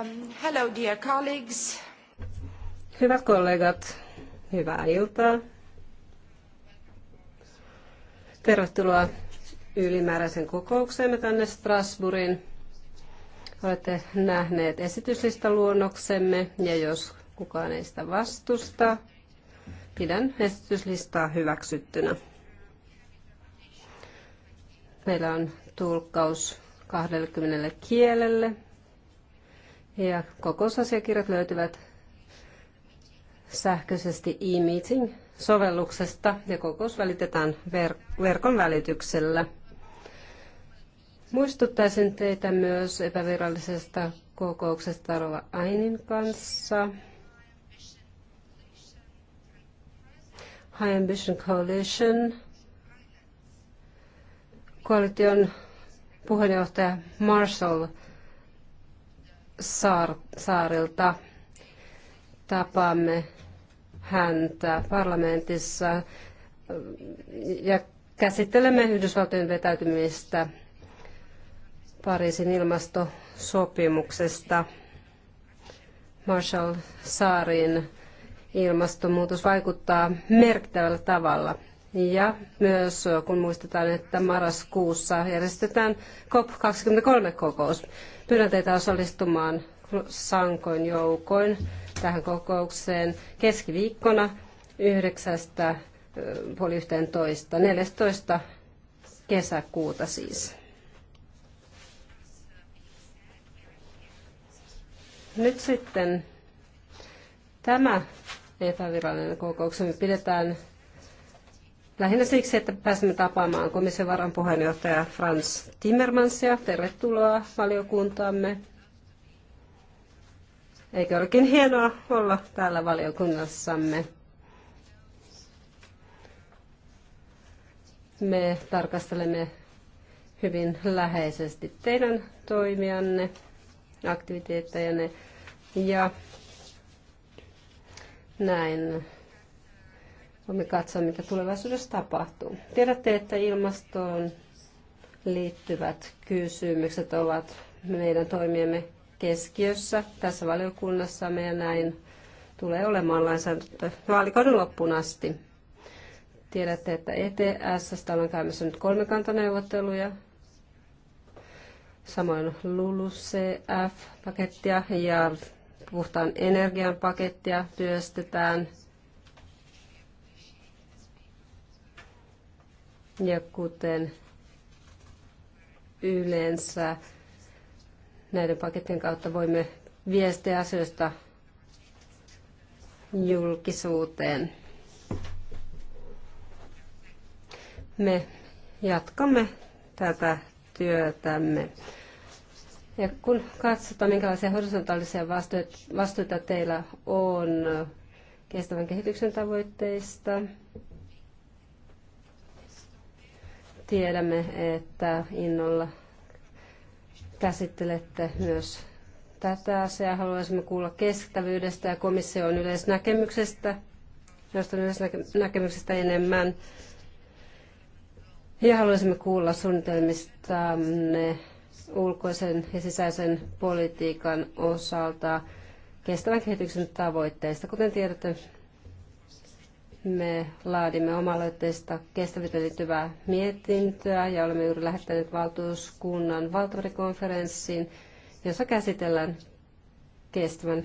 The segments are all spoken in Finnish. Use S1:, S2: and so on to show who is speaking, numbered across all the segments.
S1: Um, hello dear colleagues. Hyvät kollegat, hyvää iltaa. Tervetuloa ylimääräisen kokoukseemme tänne Strasbourgin. Olette nähneet esityslistaluonnoksemme ja jos kukaan ei sitä vastusta, pidän esityslistaa hyväksyttynä. Meillä on tulkkaus 20 kielelle ja kokousasiakirjat löytyvät sähköisesti e-meeting-sovelluksesta ja kokous välitetään ver- verkon välityksellä. Muistuttaisin teitä myös epävirallisesta kokouksesta Rova Ainin kanssa. High Ambition Coalition koalition puheenjohtaja Marshall saar, saarilta. Tapaamme häntä parlamentissa ja käsittelemme Yhdysvaltojen vetäytymistä Pariisin ilmastosopimuksesta. Marshall Saarin ilmastonmuutos vaikuttaa merkittävällä tavalla. Ja myös kun muistetaan, että marraskuussa järjestetään COP23-kokous. Pyydän teitä osallistumaan sankoin joukoin tähän kokoukseen keskiviikkona 9. puoli 11. 14. kesäkuuta siis. Nyt sitten tämä epävirallinen kokouksemme pidetään Lähinnä siksi, että pääsimme tapaamaan komission varan puheenjohtaja Frans Timmermansia. Tervetuloa valiokuntaamme. Eikö olekin hienoa olla täällä valiokunnassamme? Me tarkastelemme hyvin läheisesti teidän toimianne, aktiviteettejanne ja näin voimme katsoa, mitä tulevaisuudessa tapahtuu. Tiedätte, että ilmastoon liittyvät kysymykset ovat meidän toimiemme keskiössä tässä valiokunnassa me näin tulee olemaan lainsäädäntö vaalikauden loppuun asti. Tiedätte, että ETS on käymässä nyt kolmikantaneuvotteluja, samoin LULUCF-pakettia ja puhtaan energian pakettia työstetään – Ja kuten yleensä näiden pakettien kautta voimme viestiä asioista julkisuuteen. Me jatkamme tätä työtämme. Ja kun katsotaan, minkälaisia horisontaalisia vastuita teillä on kestävän kehityksen tavoitteista, Tiedämme, että innolla käsittelette myös tätä asiaa. Haluaisimme kuulla kestävyydestä ja komission yleisnäkemyksestä, josta yleisnäkemyksestä enemmän. Ja haluaisimme kuulla suunnitelmistanne ulkoisen ja sisäisen politiikan osalta kestävän kehityksen tavoitteista. Kuten tiedätte, me laadimme oma-aloitteista kestävyyteen liittyvää mietintöä ja olemme juuri lähettäneet valtuuskunnan valtuudekonferenssiin, jossa käsitellään kestävän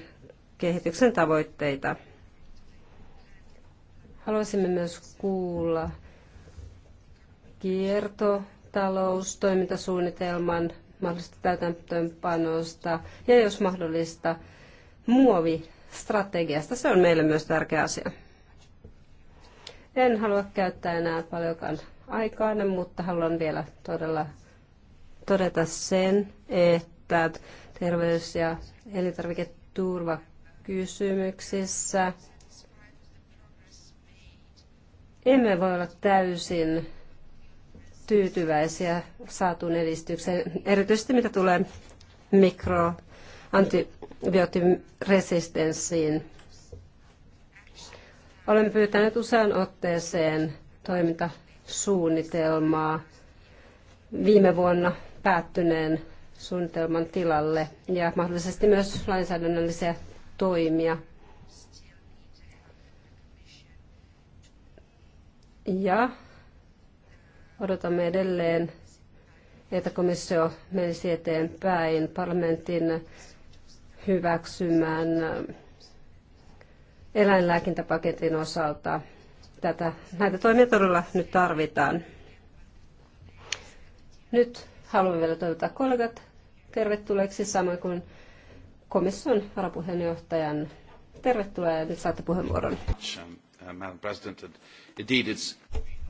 S1: kehityksen tavoitteita. Haluaisimme myös kuulla kiertotaloustoimintasuunnitelman mahdollista täytäntöönpanosta ja jos mahdollista muovi-strategiasta Se on meille myös tärkeä asia. En halua käyttää enää paljonkaan aikaa, mutta haluan vielä todella todeta sen, että terveys- ja elintarviketurvakysymyksissä emme voi olla täysin tyytyväisiä saatuun edistykseen, erityisesti mitä tulee mikro antibioottiresistenssiin. Olemme pyytäneet usean otteeseen toimintasuunnitelmaa viime vuonna päättyneen suunnitelman tilalle ja mahdollisesti myös lainsäädännöllisiä toimia. Ja odotamme edelleen, että komissio menisi eteenpäin parlamentin hyväksymään eläinlääkintäpaketin osalta. Tätä, näitä toimia todella nyt tarvitaan. Nyt haluan vielä toivottaa kollegat tervetulleeksi, samoin kuin komission varapuheenjohtajan. Tervetuloa ja nyt saatte puheenvuoron.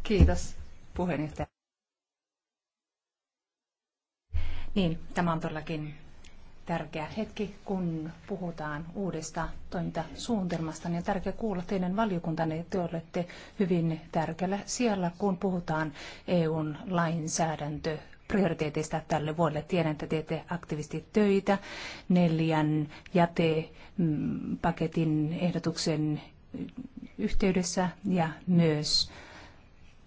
S1: Kiitos
S2: puheenjohtaja. Niin, tämä on todellakin tärkeä hetki, kun puhutaan uudesta toimintasuunnitelmasta. Niin on tärkeää kuulla teidän valiokuntanne, että te olette hyvin tärkeällä siellä, kun puhutaan EUn lainsäädäntö prioriteeteista tälle vuodelle. Tiedän, että teette aktiivisesti töitä neljän jätepaketin ehdotuksen yhteydessä ja myös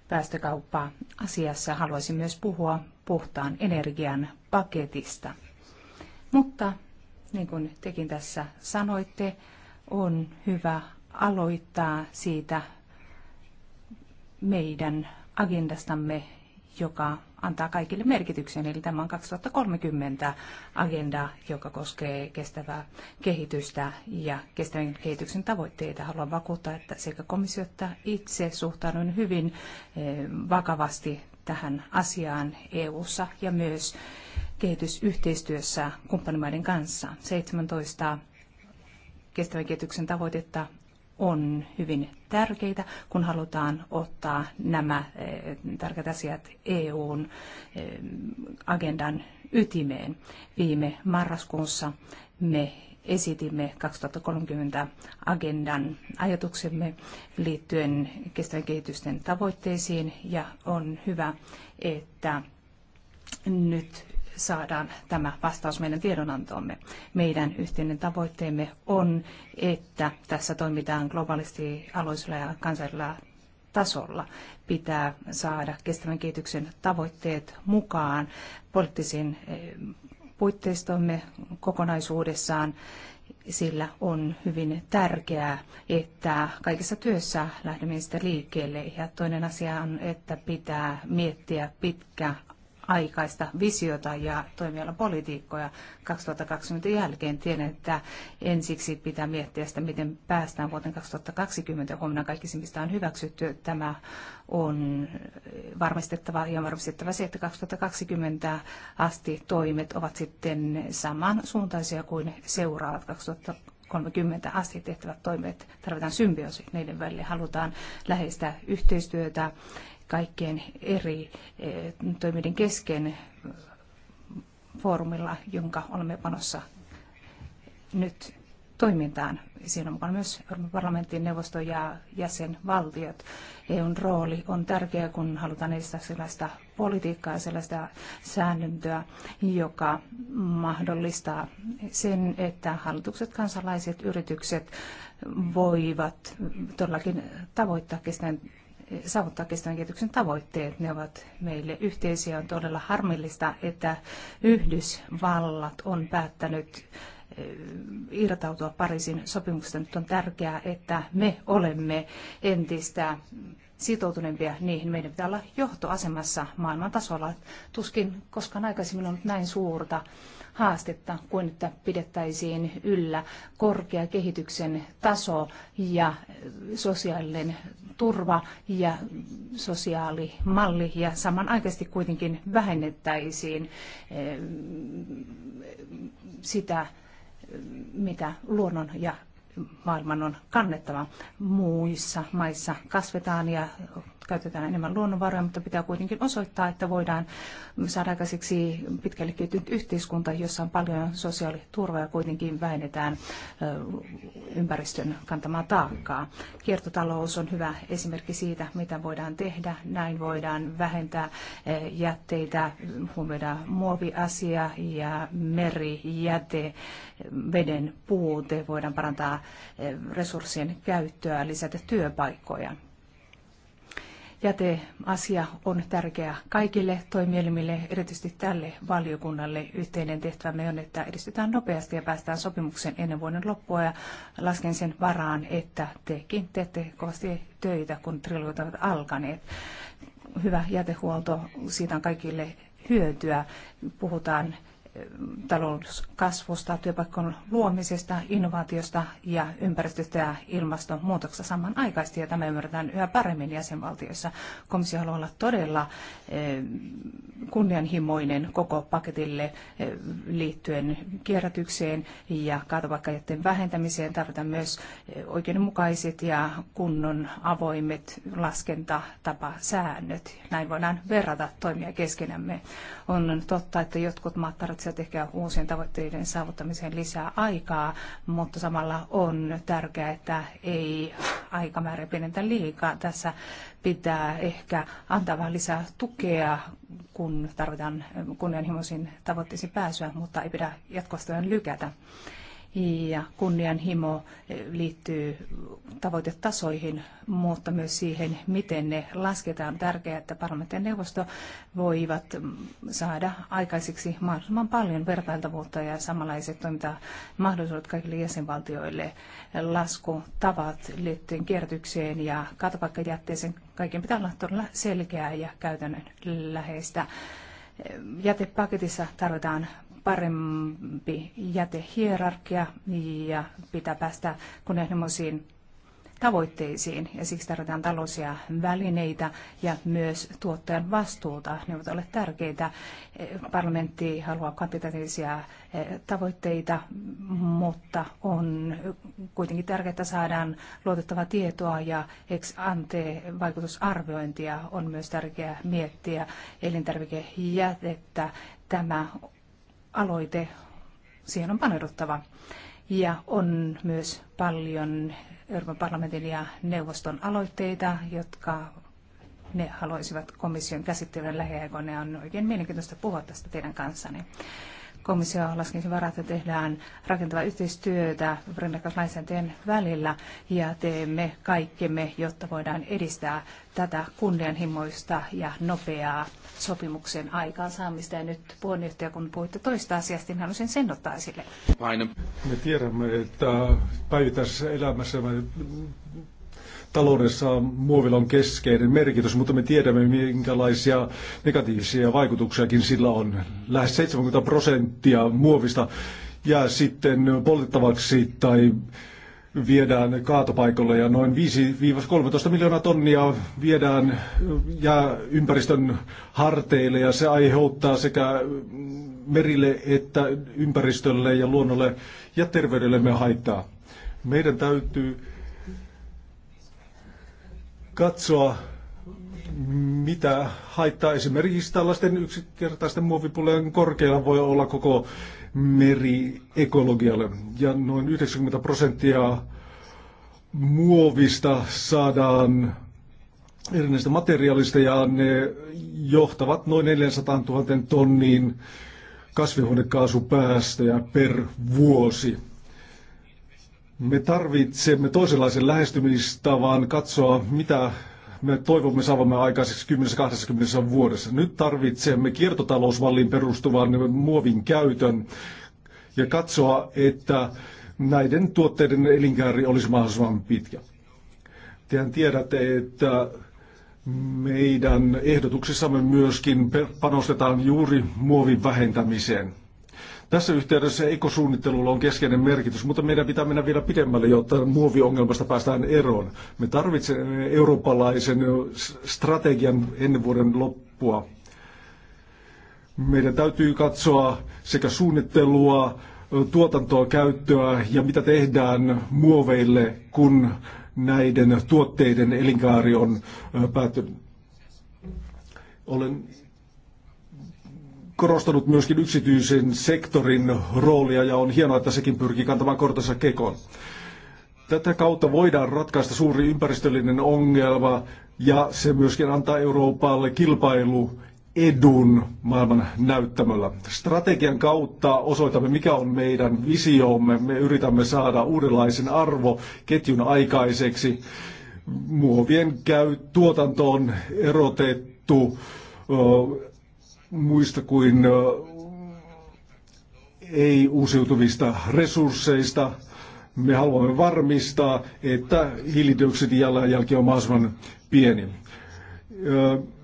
S2: päästökauppa-asiassa haluaisin myös puhua puhtaan energian paketista. Mutta niin kuin tekin tässä sanoitte, on hyvä aloittaa siitä meidän agendastamme, joka antaa kaikille merkityksen. Eli tämä on 2030 agenda, joka koskee kestävää kehitystä ja kestävän kehityksen tavoitteita. Haluan vakuuttaa, että sekä komissio että itse suhtaudun hyvin eh, vakavasti tähän asiaan EU-ssa ja myös kehitysyhteistyössä kumppanimaiden kanssa. 17 kestävän kehityksen tavoitetta on hyvin tärkeitä, kun halutaan ottaa nämä eh, tärkeät asiat EUn eh, agendan ytimeen. Viime marraskuussa me esitimme 2030 agendan ajatuksemme liittyen kestävän kehitysten tavoitteisiin ja on hyvä, että nyt saadaan tämä vastaus meidän tiedonantoomme. Meidän yhteinen tavoitteemme on, että tässä toimitaan globaalisti aloisella ja kansallisella tasolla. Pitää saada kestävän kehityksen tavoitteet mukaan poliittisiin eh, puitteistomme kokonaisuudessaan sillä on hyvin tärkeää, että kaikessa työssä lähdemme sitä liikkeelle. Ja toinen asia on, että pitää miettiä pitkä aikaista visiota ja toimialapolitiikkoja 2020 jälkeen. Tiedän, että ensiksi pitää miettiä sitä, miten päästään vuoteen 2020 huomenna kaikki se, mistä on hyväksytty. Tämä on varmistettava ja varmistettava se, että 2020 asti toimet ovat sitten samansuuntaisia kuin seuraavat 2020 30 asti tehtävät toimet, tarvitaan symbioosi niiden välillä. Halutaan läheistä yhteistyötä kaikkien eri eh, toimijoiden kesken foorumilla, jonka olemme panossa nyt toimintaan. Siinä on mukana myös Euroopan parlamentin neuvosto ja jäsenvaltiot. EUn rooli on tärkeä, kun halutaan edistää sellaista politiikkaa ja sellaista säännöntöä, joka mahdollistaa sen, että hallitukset, kansalaiset, yritykset voivat todellakin tavoittaa kestävän saavuttaa kestävän kehityksen tavoitteet. Ne ovat meille yhteisiä. On todella harmillista, että Yhdysvallat on päättänyt eh, irtautua Pariisin sopimuksesta. Nyt on tärkeää, että me olemme entistä sitoutuneempia niihin. Meidän pitää olla johtoasemassa maailman tasolla. Tuskin koskaan aikaisemmin on ollut näin suurta haastetta kuin että pidettäisiin yllä korkea kehityksen taso ja sosiaalinen turva ja sosiaalimalli ja samanaikaisesti kuitenkin vähennettäisiin eh, sitä, mitä luonnon ja maailman on kannettava. Muissa maissa kasvetaan ja käytetään enemmän luonnonvaroja, mutta pitää kuitenkin osoittaa, että voidaan saada aikaiseksi pitkälle kehittynyt yhteiskunta, jossa on paljon sosiaaliturvaa ja kuitenkin vähennetään ympäristön kantamaa taakkaa. Kiertotalous on hyvä esimerkki siitä, mitä voidaan tehdä. Näin voidaan vähentää jätteitä, huomioida muoviasia ja merijäte, veden puute, voidaan parantaa resurssien käyttöä, lisätä työpaikkoja. Jäteasia on tärkeä kaikille toimielimille, erityisesti tälle valiokunnalle. Yhteinen tehtävämme on, että edistetään nopeasti ja päästään sopimuksen ennen vuoden loppua ja lasken sen varaan, että tekin teette kovasti töitä, kun trilogit ovat alkaneet. Hyvä jätehuolto, siitä on kaikille hyötyä. Puhutaan talouskasvusta, työpaikkojen luomisesta, innovaatiosta ja ympäristöstä ja ilmastonmuutoksesta samanaikaisesti. Ja tämä ymmärretään yhä paremmin jäsenvaltioissa. Komissio haluaa olla todella eh, kunnianhimoinen koko paketille eh, liittyen kierrätykseen ja kaatopaikkajätteen vähentämiseen. Tarvitaan myös eh, oikeudenmukaiset ja kunnon avoimet laskentatapasäännöt. Näin voidaan verrata toimia keskenämme. On totta, että jotkut maat tarvitsevat tarvitsevat ehkä uusien tavoitteiden saavuttamiseen lisää aikaa, mutta samalla on tärkeää, että ei aikamäärä pienentä liikaa. Tässä pitää ehkä antaa vähän lisää tukea, kun tarvitaan kunnianhimoisiin tavoitteisiin pääsyä, mutta ei pidä jatkostojen lykätä ja kunnianhimo eh, liittyy tavoitetasoihin, mutta myös siihen, miten ne lasketaan. On tärkeää, että parlamentin neuvosto voivat mm, saada aikaiseksi mahdollisimman paljon vertailtavuutta ja samanlaiset toimintamahdollisuudet kaikille jäsenvaltioille. Laskutavat liittyen kierrätykseen ja katopaikkajätteeseen, kaiken pitää olla todella selkeää ja käytännönläheistä. Jätepaketissa tarvitaan parempi jätehierarkia ja pitää päästä kunnianhimoisiin tavoitteisiin ja siksi tarvitaan taloudellisia välineitä ja myös tuottajan vastuuta. Ne ovat olleet tärkeitä. Parlamentti haluaa kvantitatiivisia eh, tavoitteita, mutta on kuitenkin tärkeää, että saadaan luotettavaa tietoa ja ex ante vaikutusarviointia on myös tärkeää miettiä elintarvikejätettä. Tämä aloite, siihen on paneuduttava. Ja on myös paljon Euroopan parlamentin ja neuvoston aloitteita, jotka ne haluaisivat komission käsittelyn lähiaikoina ja on oikein mielenkiintoista puhua tästä teidän kanssanne. Komissio laskisi varat, että tehdään rakentavaa yhteistyötä rinnakkaislainsäädäntöjen välillä ja teemme kaikkemme, jotta voidaan edistää tätä kunnianhimoista ja nopeaa sopimuksen aikaansaamista. Ja nyt puheenjohtaja, kun puhuitte toista asiasta, niin haluaisin sen ottaa esille.
S3: Aina. Me tiedämme, että päivittäisessä elämässä taloudessa muovilla on keskeinen merkitys, mutta me tiedämme, minkälaisia negatiivisia vaikutuksiakin sillä on. Lähes 70 prosenttia muovista jää sitten poltettavaksi tai viedään kaatopaikalle ja noin 5-13 miljoonaa tonnia viedään ja ympäristön harteille ja se aiheuttaa sekä mm, merille että ympäristölle ja luonnolle ja terveydellemme haittaa. Meidän täytyy katsoa, mitä haittaa esimerkiksi tällaisten yksinkertaisten muovipullojen korkeilla voi olla koko meriekologialle. Ja noin 90 prosenttia muovista saadaan erinäistä materiaalista ja ne johtavat noin 400 000 tonniin kasvihuonekaasupäästöjä per vuosi. Me tarvitsemme toisenlaisen lähestymistavan katsoa, mitä me toivomme saavamme aikaiseksi 10-20 vuodessa. Nyt tarvitsemme kiertotalousmalliin perustuvan muovin käytön ja katsoa, että näiden tuotteiden elinkaari olisi mahdollisimman pitkä. Tehän tiedätte, että meidän ehdotuksissamme myöskin panostetaan juuri muovin vähentämiseen. Tässä yhteydessä ekosuunnittelulla on keskeinen merkitys, mutta meidän pitää mennä vielä pidemmälle, jotta muoviongelmasta päästään eroon. Me tarvitsemme eurooppalaisen strategian ennen vuoden loppua. Meidän täytyy katsoa sekä suunnittelua, tuotantoa, käyttöä ja mitä tehdään muoveille, kun näiden tuotteiden elinkaari on päättynyt. Olen korostanut myöskin yksityisen sektorin roolia ja on hienoa, että sekin pyrkii kantamaan kortensa kekoon. Tätä kautta voidaan ratkaista suuri ympäristöllinen ongelma ja se myöskin antaa Euroopalle kilpailu edun maailman näyttämöllä. Strategian kautta osoitamme, mikä on meidän visiomme. Me yritämme saada uudenlaisen arvoketjun aikaiseksi. Muovien käy tuotantoon erotettu muista kuin ei-uusiutuvista resursseista. Me haluamme varmistaa, että hiilidioksidijalanjälki on mahdollisimman pieni.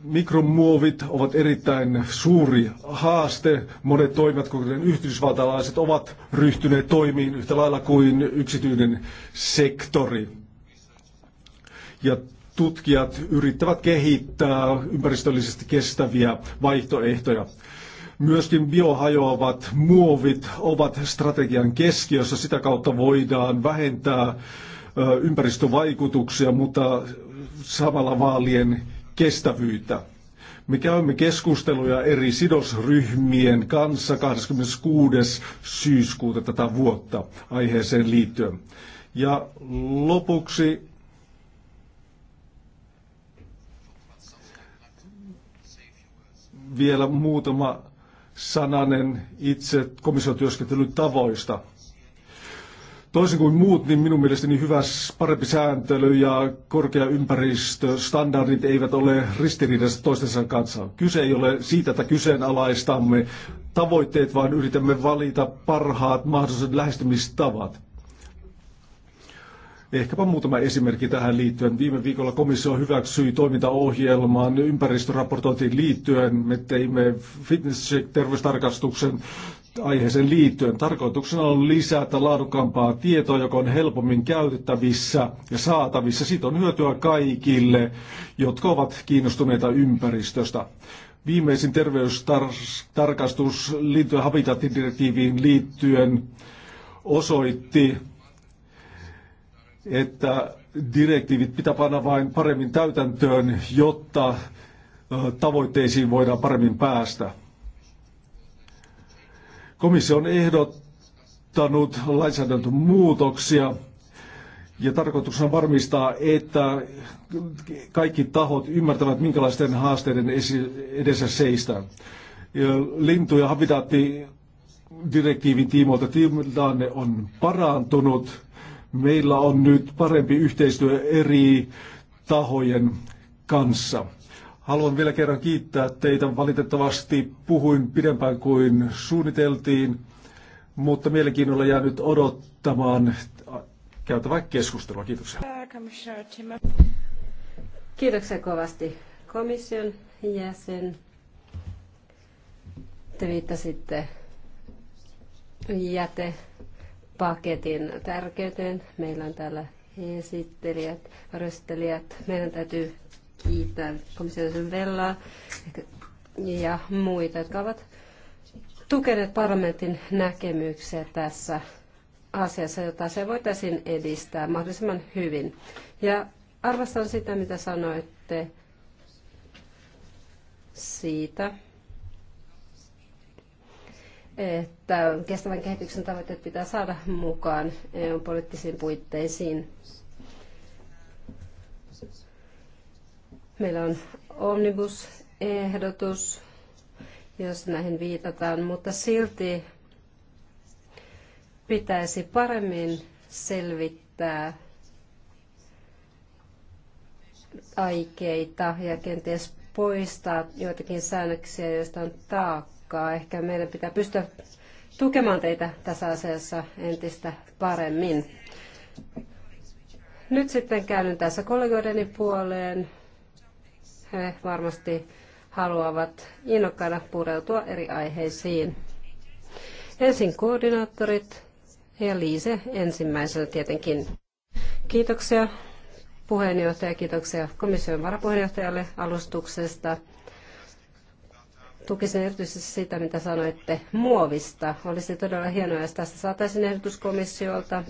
S3: Mikromuovit ovat erittäin suuri haaste. Monet toimijat, kuten yhdysvaltalaiset, ovat ryhtyneet toimiin yhtä lailla kuin yksityinen sektori. Ja tutkijat yrittävät kehittää ympäristöllisesti kestäviä vaihtoehtoja. Myöskin biohajoavat muovit ovat strategian keskiössä. Sitä kautta voidaan vähentää ympäristövaikutuksia, mutta samalla vaalien kestävyyttä. Me käymme keskusteluja eri sidosryhmien kanssa 26. syyskuuta tätä vuotta aiheeseen liittyen. Ja lopuksi vielä muutama sananen itse komission työskentelyn tavoista. Toisin kuin muut, niin minun mielestäni hyvä, parempi sääntely ja korkea ympäristöstandardit eivät ole ristiriidassa toistensa kanssa. Kyse ei ole siitä, että kyseenalaistamme tavoitteet, vaan yritämme valita parhaat mahdolliset lähestymistavat. Ehkäpä muutama esimerkki tähän liittyen. Viime viikolla komissio hyväksyi toimintaohjelman ympäristöraportointiin liittyen. Me teimme fitness terveystarkastuksen aiheeseen liittyen. Tarkoituksena on lisätä laadukkaampaa tietoa, joka on helpommin käytettävissä ja saatavissa. Siitä on hyötyä kaikille, jotka ovat kiinnostuneita ympäristöstä. Viimeisin terveystarkastus liittyen direktiiviin liittyen osoitti, että direktiivit pitää panna vain paremmin täytäntöön, jotta tavoitteisiin voidaan paremmin päästä. Komissio on ehdottanut lainsäädäntömuutoksia ja tarkoituksena varmistaa, että kaikki tahot ymmärtävät, minkälaisten haasteiden edessä seistään. Lintu- ja habitaattidirektiivin direktiivin tiimoilta tilanne on parantunut Meillä on nyt parempi yhteistyö eri tahojen kanssa. Haluan vielä kerran kiittää teitä. Valitettavasti puhuin pidempään kuin suunniteltiin, mutta mielenkiinnolla jää nyt odottamaan käytävää keskustelua. Kiitoksia.
S1: Kiitoksia kovasti komission jäsen. Te viittasitte jäte paketin tärkeyteen. Meillä on täällä esittelijät, varjostelijat. Meidän täytyy kiittää komission Vellaa ja muita, jotka ovat tukeneet parlamentin näkemyksiä tässä asiassa, jota se voitaisiin edistää mahdollisimman hyvin. Ja arvostan sitä, mitä sanoitte siitä, että kestävän kehityksen tavoitteet pitää saada mukaan eu poliittisiin puitteisiin. Meillä on omnibus-ehdotus, jos näihin viitataan, mutta silti pitäisi paremmin selvittää aikeita ja kenties poistaa joitakin säännöksiä, joista on taakka aikaa. Ehkä meidän pitää pystyä tukemaan teitä tässä asiassa entistä paremmin. Nyt sitten käyn tässä kollegoideni puoleen. He varmasti haluavat innokkaana pureutua eri aiheisiin. Ensin koordinaattorit ja Liise ensimmäisenä tietenkin. Kiitoksia puheenjohtaja, kiitoksia komission varapuheenjohtajalle alustuksesta tukisin erityisesti sitä, mitä sanoitte muovista. Olisi todella hienoa, jos tästä saataisiin ehdotus komissiolta.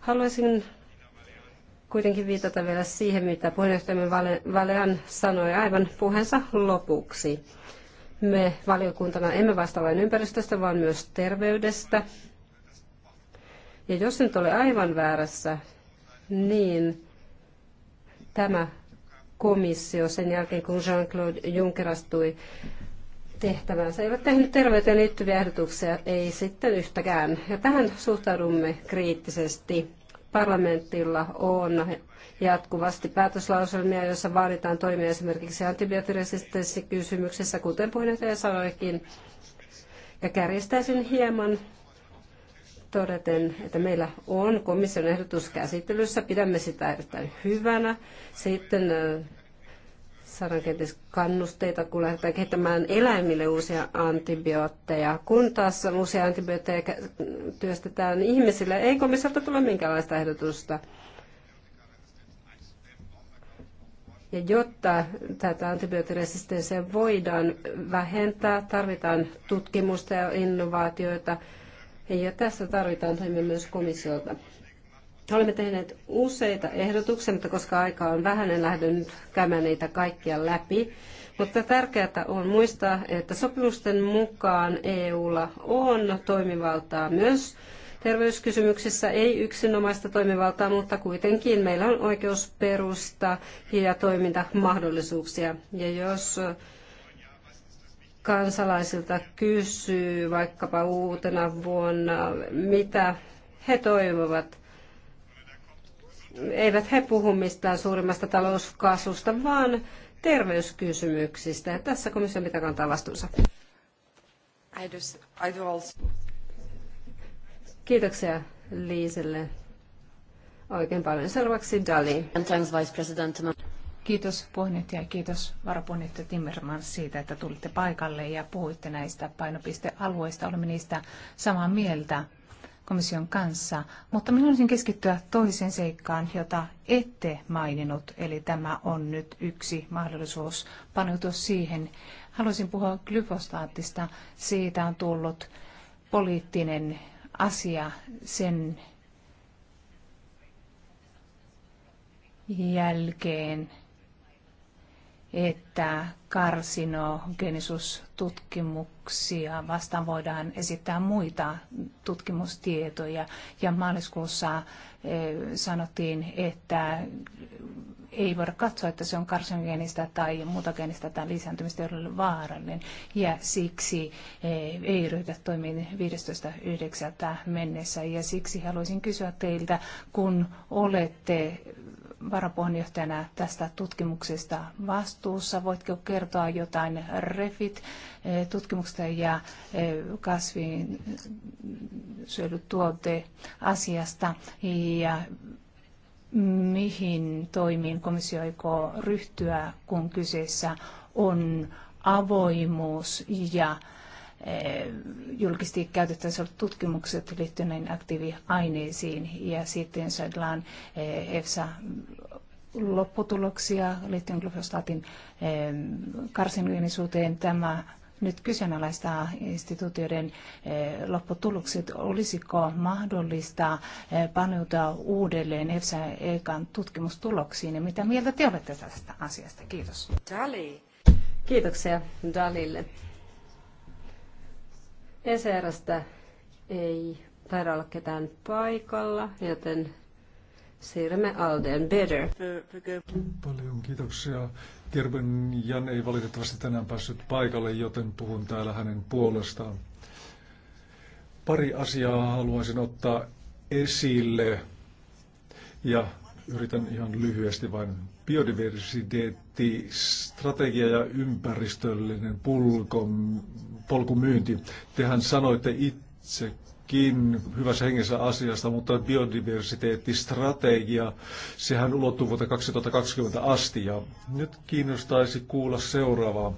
S1: Haluaisin kuitenkin viitata vielä siihen, mitä puheenjohtajamme Valean sanoi aivan puheensa lopuksi. Me valiokuntana emme vastaa vain ympäristöstä, vaan myös terveydestä. Ja jos nyt ole aivan väärässä, niin tämä komissio sen jälkeen, kun Jean-Claude Juncker astui tehtävänsä, eivät tehneet terveyteen liittyviä ehdotuksia, ei sitten yhtäkään. Ja tähän suhtaudumme kriittisesti. Parlamentilla on jatkuvasti päätöslauselmia, joissa vaaditaan toimia esimerkiksi antibioottiresistenssikysymyksessä, kuten puheenjohtaja sanoikin. Ja kärjistäisin hieman todeten, että meillä on komission ehdotus käsittelyssä, pidämme sitä erittäin hyvänä. Sitten saadaan kenties kannusteita, kun lähdetään kehittämään eläimille uusia antibiootteja, kun taas uusia antibiootteja työstetään ihmisille. Ei komissiolta tule minkäänlaista ehdotusta. Ja jotta tätä antibioottiresistenssiä voidaan vähentää, tarvitaan tutkimusta ja innovaatioita. Ja tässä tarvitaan toimia myös komissiolta. Olemme tehneet useita ehdotuksia, mutta koska aika on vähän, en lähde nyt käymään niitä kaikkia läpi. Mutta tärkeää on muistaa, että sopimusten mukaan EUlla on toimivaltaa myös terveyskysymyksissä, ei yksinomaista toimivaltaa, mutta kuitenkin meillä on oikeus perusta ja toimintamahdollisuuksia. Ja jos kansalaisilta kysyy vaikkapa uutena vuonna, mitä he toivovat, eivät he puhu mistään suurimmasta talouskasvusta, vaan terveyskysymyksistä. Ja tässä komissio pitää kantaa vastuunsa. I just, I Kiitoksia Liiselle oikein paljon. Seuraavaksi Dali. Kiitos puheenjohtaja ja kiitos varapuheenjohtaja Timmermans
S2: siitä, että tulitte paikalle ja puhuitte näistä painopistealueista. Olemme niistä samaa mieltä komission kanssa, mutta minä haluaisin keskittyä toiseen seikkaan, jota ette maininnut, eli tämä on nyt yksi mahdollisuus paneutua siihen. Haluaisin puhua glyfosaattista, siitä on tullut poliittinen asia sen jälkeen, että karsinogenisuustutkimuksia vastaan voidaan esittää muita tutkimustietoja. Ja maaliskuussa eh, sanottiin, että ei voida katsoa, että se on karsinogenista tai mutageenista tai lisääntymistä, ole vaarallinen. Ja siksi eh, ei ryhdytä toimiin 15.9. mennessä. Ja siksi haluaisin kysyä teiltä, kun olette varapuheenjohtajana tästä tutkimuksesta vastuussa. Voitko kertoa jotain REFIT-tutkimuksesta eh, ja eh, kasvin asiasta ja mihin toimiin komissio aikoo ryhtyä, kun kyseessä on avoimuus ja Eh, julkisesti käytettävissä olevat tutkimukset liittyen näihin aktiiviaineisiin ja sitten saadaan eh, EFSA lopputuloksia liittyen glyfosaatin eh, karsinogenisuuteen. Tämä nyt kyseenalaista instituutioiden lopputulokset. Olisiko mahdollista paneutua uudelleen EFSA EKAN tutkimustuloksiin ja mitä mieltä te olette tästä asiasta? Kiitos. Dali. Kiitoksia
S1: Dalille. ECRstä ei taida olla ketään paikalla, joten siirrymme Alden Better.
S3: Paljon kiitoksia. Kerben Jan ei valitettavasti tänään päässyt paikalle, joten puhun täällä hänen puolestaan. Pari asiaa haluaisin ottaa esille ja Yritän ihan lyhyesti vain. Biodiversiteetti, strategia ja ympäristöllinen pulkom, polkumyynti. Tehän sanoitte itsekin hyvässä hengessä asiasta, mutta biodiversiteettistrategia, sehän ulottuu vuoteen 2020 asti. Ja nyt kiinnostaisi kuulla seuraavaa.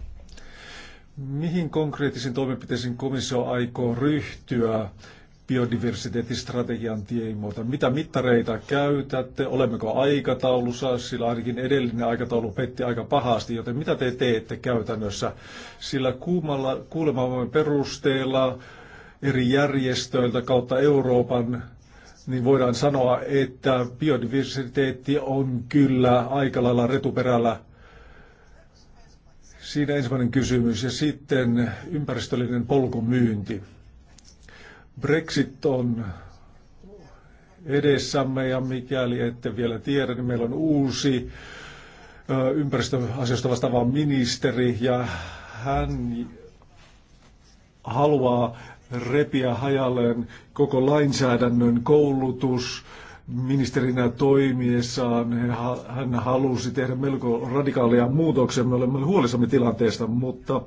S3: Mihin konkreettisiin toimenpiteisiin komissio aikoo ryhtyä biodiversiteettistrategian tiimoilta. Mitä mittareita käytätte? Olemmeko aikataulussa? Sillä ainakin edellinen aikataulu petti aika pahasti, joten mitä te teette käytännössä? Sillä kuumalla, kuulemamme perusteella eri järjestöiltä kautta Euroopan niin voidaan sanoa, että biodiversiteetti on kyllä aika lailla retuperällä Siinä ensimmäinen kysymys ja sitten ympäristöllinen polkumyynti. Brexit on edessämme ja mikäli ette vielä tiedä, niin meillä on uusi ympäristöasioista vastaava ministeri ja hän haluaa repiä hajalleen koko lainsäädännön koulutus, ministerinä toimiessaan hän halusi tehdä melko radikaalia muutoksia. Me olemme huolissamme tilanteesta, mutta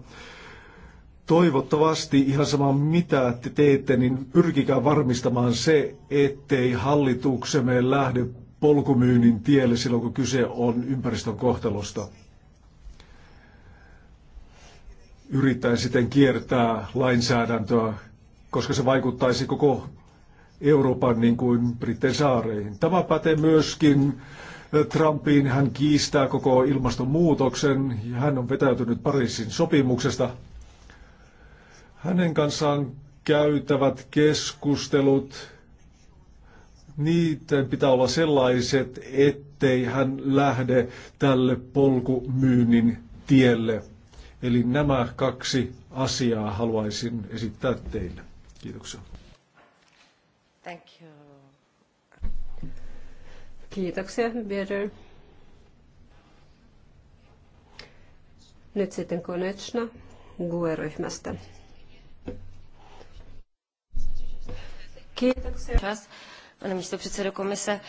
S3: Toivottavasti ihan sama mitä te teette, niin pyrkikää varmistamaan se, ettei hallituksemme lähde polkumyynnin tielle silloin, kun kyse on ympäristön kohtelusta. Yrittäen sitten kiertää lainsäädäntöä, koska se vaikuttaisi koko Euroopan niin kuin Britten saareihin. Tämä pätee myöskin eh, Trumpiin. Hän kiistää koko ilmastonmuutoksen. Hän on vetäytynyt Pariisin sopimuksesta. Hänen kanssaan käytävät keskustelut, niiden pitää olla sellaiset, ettei hän lähde tälle polkumyynnin tielle. Eli nämä kaksi asiaa haluaisin esittää teille. Kiitoksia.
S1: Thank you. Kiitoksia, Bieder. Nyt sitten Konechna GUE-ryhmästä. Kiitoksia. Anna komise.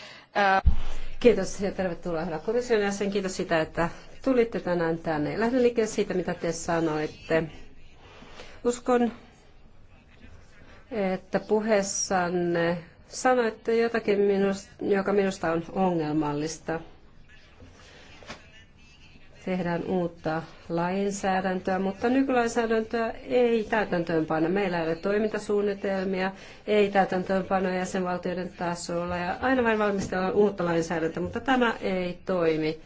S1: Kiitos ja tervetuloa hyvä komission jäsen. Kiitos sitä, että tulitte tänään tänne. Lähden liikkeelle siitä, mitä te sanoitte. Uskon, että puheessanne sanoitte jotakin, minusta, joka minusta on ongelmallista tehdään uutta lainsäädäntöä, mutta nykylainsäädäntöä ei täytäntöönpano. Meillä ei ole toimintasuunnitelmia, ei täytäntöönpanoja jäsenvaltioiden tasolla ja aina vain valmistellaan uutta lainsäädäntöä, mutta tämä ei toimi.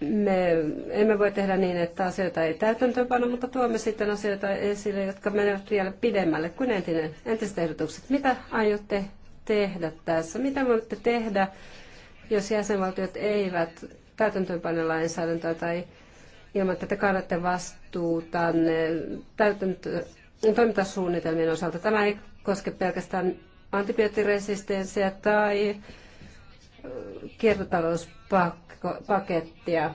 S1: Me emme voi tehdä niin, että asioita ei täytäntöönpano, mutta tuomme sitten asioita esille, jotka menevät vielä pidemmälle kuin entinen, entiset ehdotukset. Mitä aiotte tehdä tässä? Mitä voitte tehdä, jos jäsenvaltiot eivät täytäntöönpanne lainsäädäntöä tai ilman, tätä kannatte vastuuta toimintasuunnitelmien osalta? Tämä ei koske pelkästään antibioottiresistenssiä tai kiertotalouspakettia.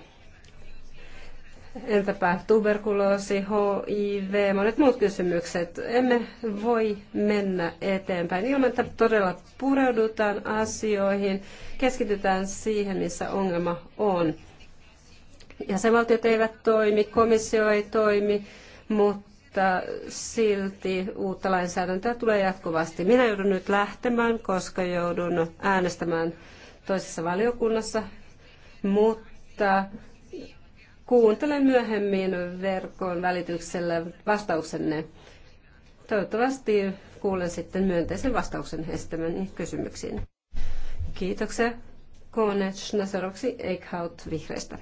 S1: Entäpä tuberkuloosi, HIV, monet muut kysymykset. Emme voi mennä eteenpäin ilman, että todella pureudutaan asioihin, keskitytään siihen, missä ongelma on. Jäsenvaltiot eivät toimi, komissio ei toimi, mutta silti uutta lainsäädäntöä tulee jatkuvasti. Minä joudun nyt lähtemään, koska joudun äänestämään toisessa valiokunnassa, mutta kuuntelen myöhemmin verkon välityksellä vastauksenne. Toivottavasti kuulen sitten myönteisen vastauksen estämäni kysymyksiin. Kiitoksia. Konechna no, seuraavaksi Eichhout vihreistä.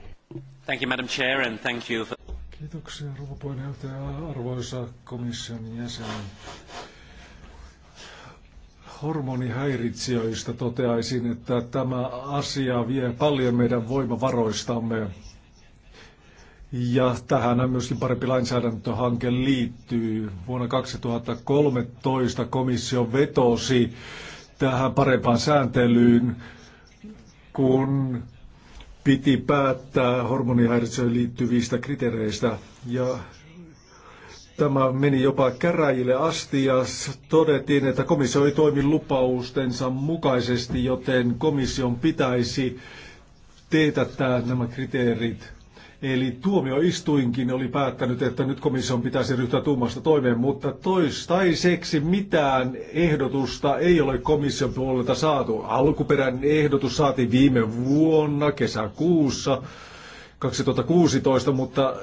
S1: Thank you, Madam Chair, and thank you for...
S3: Kiitoksia, rouva puheenjohtaja, arvoisa komission jäsen. Hormonihäiritsijöistä toteaisin, että tämä asia vie paljon meidän voimavaroistamme ja tähän myöskin parempi lainsäädäntöhanke liittyy. Vuonna 2013 komissio vetosi tähän parempaan sääntelyyn, kun piti päättää hormonihäiritsöön liittyvistä kriteereistä. Ja tämä meni jopa käräjille asti ja todettiin, että komissio ei toimi lupaustensa mukaisesti, joten komission pitäisi teetättää nämä kriteerit Eli tuomioistuinkin oli päättänyt, että nyt komission pitäisi ryhtyä tuumasta toimeen, mutta toistaiseksi mitään ehdotusta ei ole komission puolelta saatu. Alkuperäinen ehdotus saatiin viime vuonna kesäkuussa 2016, mutta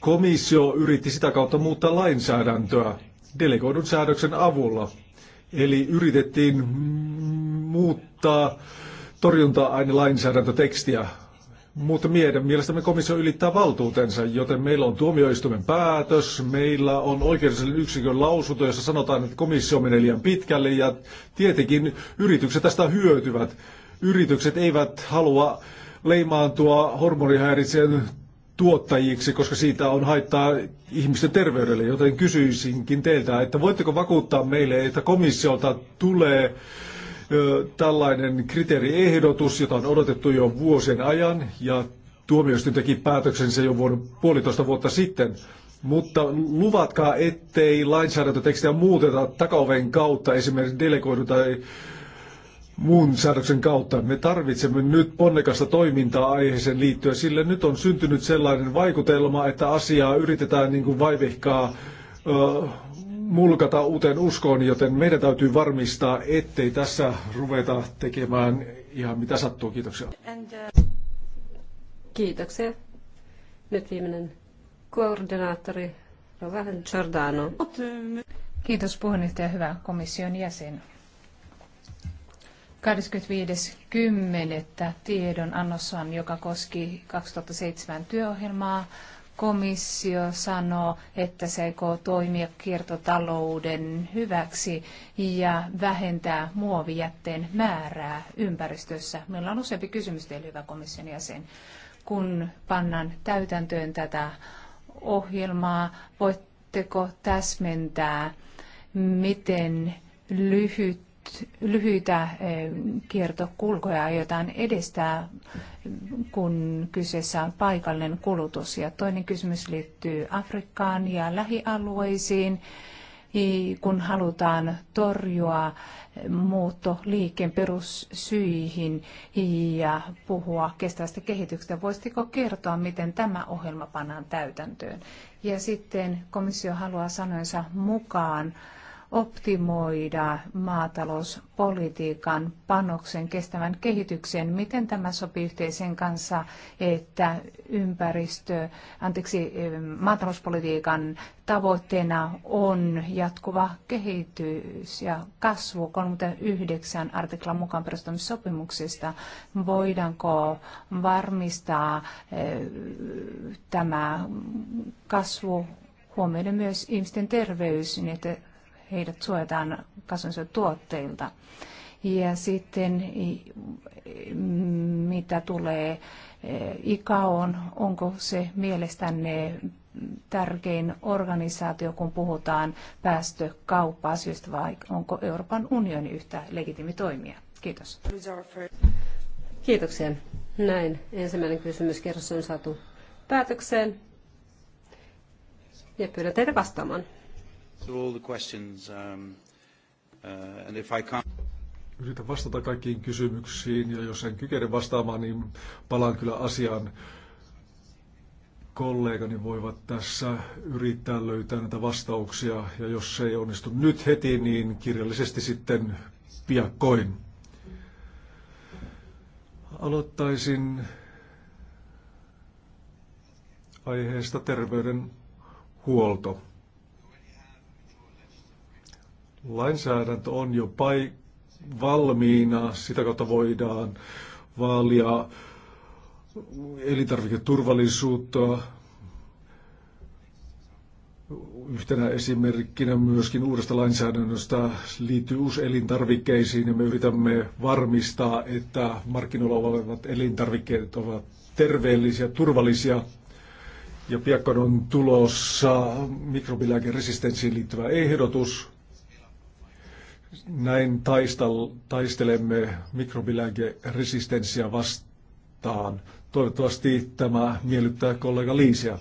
S3: komissio yritti sitä kautta muuttaa lainsäädäntöä delegoidun säädöksen avulla. Eli yritettiin muuttaa torjunta-ainelainsäädäntötekstiä mutta meidän mielestämme komissio ylittää valtuutensa, joten meillä on tuomioistuimen päätös, meillä on oikeudellisen yksikön lausunto, jossa sanotaan, että komissio menee liian pitkälle ja tietenkin yritykset tästä hyötyvät. Yritykset eivät halua leimaantua hormonihäiritsijän tuottajiksi, koska siitä on haittaa ihmisten terveydelle, joten kysyisinkin teiltä, että voitteko vakuuttaa meille, että komissiolta tulee tällainen kriteeriehdotus, jota on odotettu jo vuosien ajan, ja tuomioistuin teki päätöksensä jo vuoden puolitoista vuotta sitten. Mutta luvatkaa, ettei lainsäädäntötekstiä muuteta takaoven kautta, esimerkiksi delegoidun tai muun säädöksen kautta. Me tarvitsemme nyt ponnekasta toimintaa aiheeseen liittyen, sillä nyt on syntynyt sellainen vaikutelma, että asiaa yritetään niin kuin vaivihkaa mulkata uuteen uskoon, joten meidän täytyy varmistaa, ettei tässä ruveta tekemään ihan mitä sattuu. Kiitoksia. Uh,
S1: kiitoksia. Nyt viimeinen koordinaattori Rovan Giordano. Kiitos puheenjohtaja, hyvä komission jäsen.
S2: 25.10. annossaan, joka koski 2007 työohjelmaa, komissio sanoo, että se aikoo toimia kiertotalouden hyväksi ja vähentää muovijätteen määrää ympäristössä. Meillä on useampi kysymys teille, hyvä komission jäsen. Kun pannaan täytäntöön tätä ohjelmaa, voitteko täsmentää, miten lyhyt lyhyitä eh, kiertokulkoja aiotaan edistää, kun kyseessä on paikallinen kulutus. Ja toinen kysymys liittyy Afrikkaan ja lähialueisiin kun halutaan torjua muuttoliikkeen perussyihin ja puhua kestävästä kehityksestä. Voisitko kertoa, miten tämä ohjelma pannaan täytäntöön? Ja sitten komissio haluaa sanoensa mukaan optimoida maatalouspolitiikan panoksen kestävän kehityksen. Miten tämä sopii yhteisen kanssa, että ympäristö, anteeksi, maatalouspolitiikan tavoitteena on jatkuva kehitys ja kasvu 39 artiklan mukaan perustamissopimuksesta. Voidaanko varmistaa eh, tämä kasvu huomioiden myös ihmisten terveys, niin että heidät suojataan kasvinsuojelutuotteilta. Ja sitten mitä tulee eh, ikaon, onko se mielestänne tärkein organisaatio, kun puhutaan päästökauppa-asioista, vai onko Euroopan unioni yhtä legitimi
S1: toimija? Kiitos. Kiitoksia. Näin. Ensimmäinen kysymyskierros on saatu päätökseen. Ja pyydän teitä vastaamaan.
S3: Yritän vastata kaikkiin kysymyksiin ja jos en kykene vastaamaan, niin palaan kyllä asiaan. Kollegani voivat tässä yrittää löytää näitä vastauksia ja jos se ei onnistu nyt heti, niin kirjallisesti sitten piakkoin. Aloittaisin aiheesta terveydenhuolto lainsäädäntö on jo pai- valmiina, sitä kautta voidaan vaalia elintarviketurvallisuutta, Yhtenä esimerkkinä myöskin uudesta lainsäädännöstä liittyy uusi elintarvikkeisiin ja me yritämme varmistaa, että markkinoilla olevat elintarvikkeet ovat terveellisiä, turvallisia. Ja piakkon on tulossa mikrobilääkeresistenssiin liittyvä ehdotus. Näin taistel, taistelemme mikrobilääkeresistenssiä vastaan. Toivottavasti tämä miellyttää kollega Liisiä.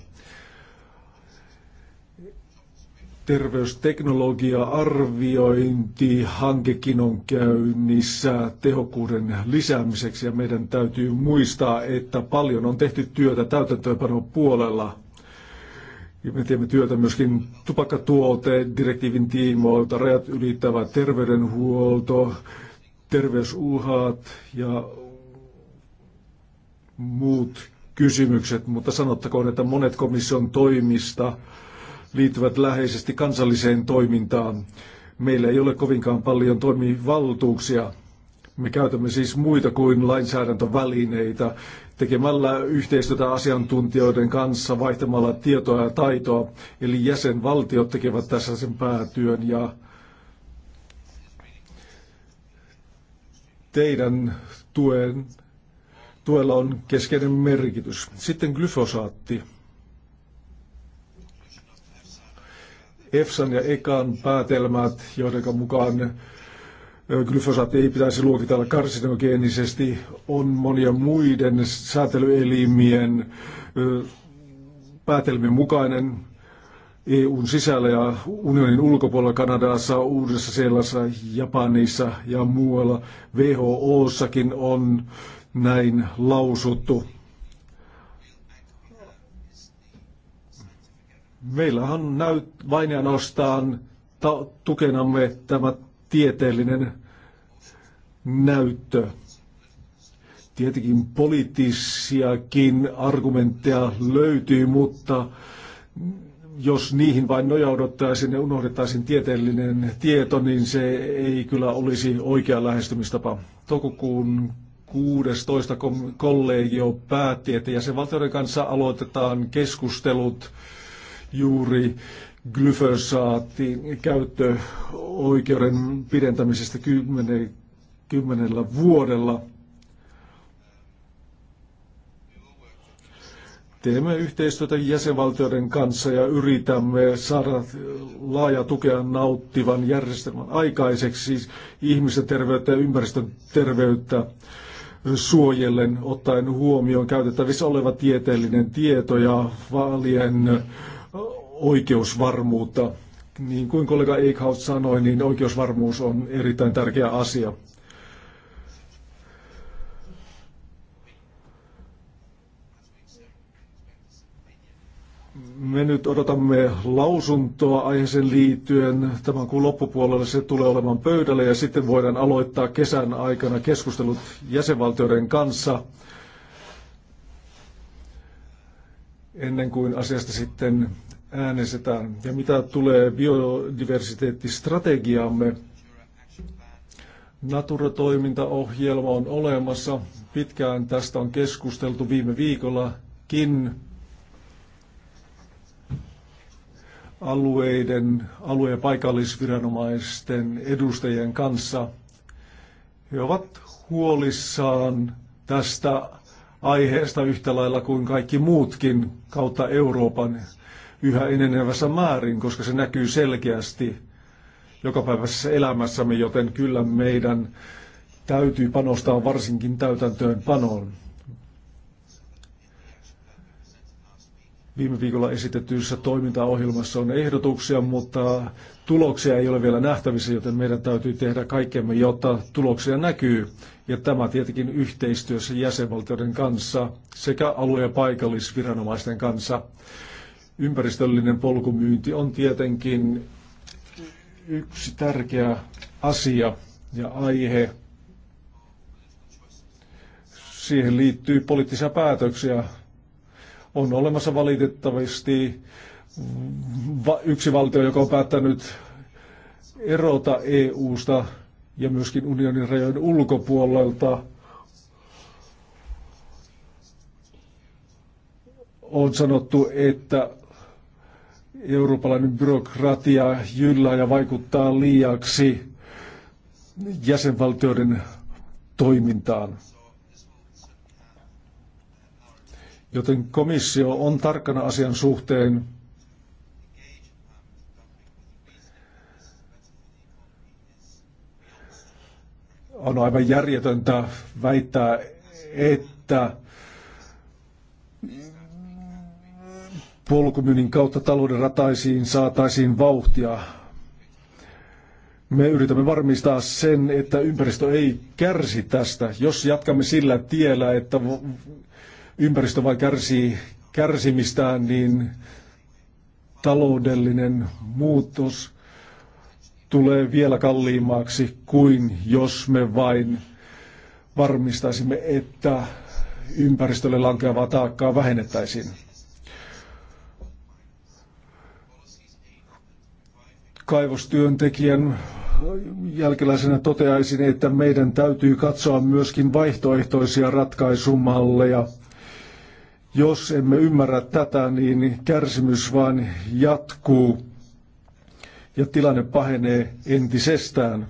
S3: Terveysteknologia-arviointi hankekin on käynnissä tehokkuuden lisäämiseksi ja meidän täytyy muistaa, että paljon on tehty työtä täytäntöönpanon puolella me teemme työtä myöskin tupakkatuote, direktiivin tiimoilta, rajat ylittävä terveydenhuolto, terveysuhat ja muut kysymykset, mutta sanottakoon, että monet komission toimista liittyvät läheisesti kansalliseen toimintaan. Meillä ei ole kovinkaan paljon toimivaltuuksia. Me käytämme siis muita kuin lainsäädäntövälineitä tekemällä yhteistyötä asiantuntijoiden kanssa, vaihtamalla tietoa ja taitoa. Eli jäsenvaltiot tekevät tässä sen päätyön ja teidän tuen, tuella on keskeinen merkitys. Sitten glyfosaatti. EFSAn ja EKAN päätelmät, joiden mukaan glyfosaatti ei pitäisi luokitella karsinogeenisesti. On monia muiden säätelyelimien päätelmien mukainen EUn sisällä ja unionin ulkopuolella Kanadassa, Uudessa Seelassa, Japanissa ja muualla. WHOssakin on näin lausuttu. Meillähän näyt vain ja nostaan tukenamme tämä tieteellinen näyttö. Tietenkin poliittisiakin argumentteja löytyy, mutta jos niihin vain nojauduttaisiin ja unohdettaisiin tieteellinen tieto, niin se ei kyllä olisi oikea lähestymistapa. Toukokuun 16. kollegio päätti, että jäsenvaltioiden kanssa aloitetaan keskustelut juuri glyfosaatti käyttöoikeuden pidentämisestä kymmenellä, kymmenellä vuodella. Teemme yhteistyötä jäsenvaltioiden kanssa ja yritämme saada laaja tukea nauttivan järjestelmän aikaiseksi, siis ihmisten terveyttä ja ympäristön terveyttä suojellen, ottaen huomioon käytettävissä oleva tieteellinen tieto ja vaalien oikeusvarmuutta. Niin kuin kollega Eichhaus sanoi, niin oikeusvarmuus on erittäin tärkeä asia. Me nyt odotamme lausuntoa aiheeseen liittyen. Tämän kuun loppupuolella se tulee olemaan pöydällä ja sitten voidaan aloittaa kesän aikana keskustelut jäsenvaltioiden kanssa ennen kuin asiasta sitten äänestetään. Ja mitä tulee biodiversiteettistrategiamme, Natura-toimintaohjelma on olemassa. Pitkään tästä on keskusteltu viime viikollakin alueiden, alue- ja paikallisviranomaisten edustajien kanssa. He ovat huolissaan tästä aiheesta yhtä lailla kuin kaikki muutkin kautta Euroopan yhä enenevässä määrin, koska se näkyy selkeästi jokapäiväisessä elämässämme, joten kyllä meidän täytyy panostaa varsinkin täytäntöön panoon. Viime viikolla esitetyissä toimintaohjelmassa on ehdotuksia, mutta tuloksia ei ole vielä nähtävissä, joten meidän täytyy tehdä kaikkemme, jotta tuloksia näkyy. Ja tämä tietenkin yhteistyössä jäsenvaltioiden kanssa sekä alue- ja paikallisviranomaisten kanssa. Ympäristöllinen polkumyynti on tietenkin yksi tärkeä asia ja aihe. Siihen liittyy poliittisia päätöksiä. On olemassa valitettavasti yksi valtio, joka on päättänyt erota EU-sta ja myöskin unionin rajojen ulkopuolelta. On sanottu, että eurooppalainen byrokratia jyllää ja vaikuttaa liiaksi jäsenvaltioiden toimintaan. Joten komissio on tarkkana asian suhteen. On aivan järjetöntä väittää, että polkumyynnin kautta talouden rataisiin saataisiin vauhtia. Me yritämme varmistaa sen, että ympäristö ei kärsi tästä. Jos jatkamme sillä tiellä, että ympäristö vain kärsii kärsimistään, niin taloudellinen muutos tulee vielä kalliimmaksi kuin jos me vain varmistaisimme, että ympäristölle lankeavaa taakkaa vähennettäisiin. kaivostyöntekijän jälkeläisenä toteaisin, että meidän täytyy katsoa myöskin vaihtoehtoisia ratkaisumalleja. Jos emme ymmärrä tätä, niin kärsimys vain jatkuu ja tilanne pahenee entisestään.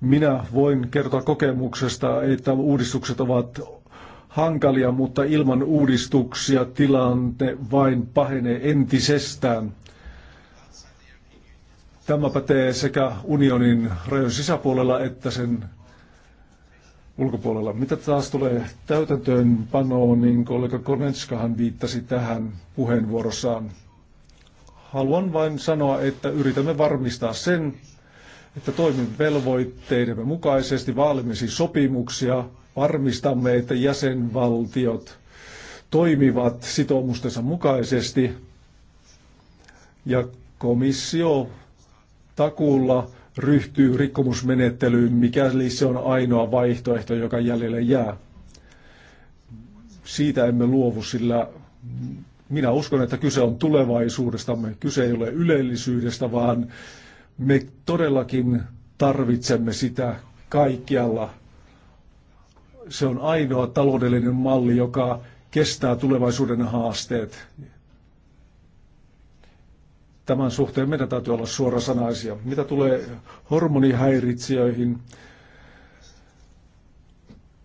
S3: Minä voin kertoa kokemuksesta, että uudistukset ovat hankalia, mutta ilman uudistuksia tilanne vain pahenee entisestään. Tämä pätee sekä unionin rajojen sisäpuolella että sen ulkopuolella. Mitä taas tulee täytäntöönpanoon, niin kollega Konenskahan viittasi tähän puheenvuorossaan. Haluan vain sanoa, että yritämme varmistaa sen, että toimin velvoitteidemme mukaisesti vaalimisi sopimuksia, varmistamme, että jäsenvaltiot toimivat sitoumustensa mukaisesti ja komissio takuulla ryhtyy rikkomusmenettelyyn, mikäli se on ainoa vaihtoehto, joka jäljelle jää. Siitä emme luovu, sillä minä uskon, että kyse on tulevaisuudestamme. Kyse ei ole ylellisyydestä, vaan me todellakin tarvitsemme sitä kaikkialla. Se on ainoa taloudellinen malli, joka kestää tulevaisuuden haasteet Tämän suhteen meidän täytyy olla suorasanaisia. Mitä tulee hormonihäiritsijöihin,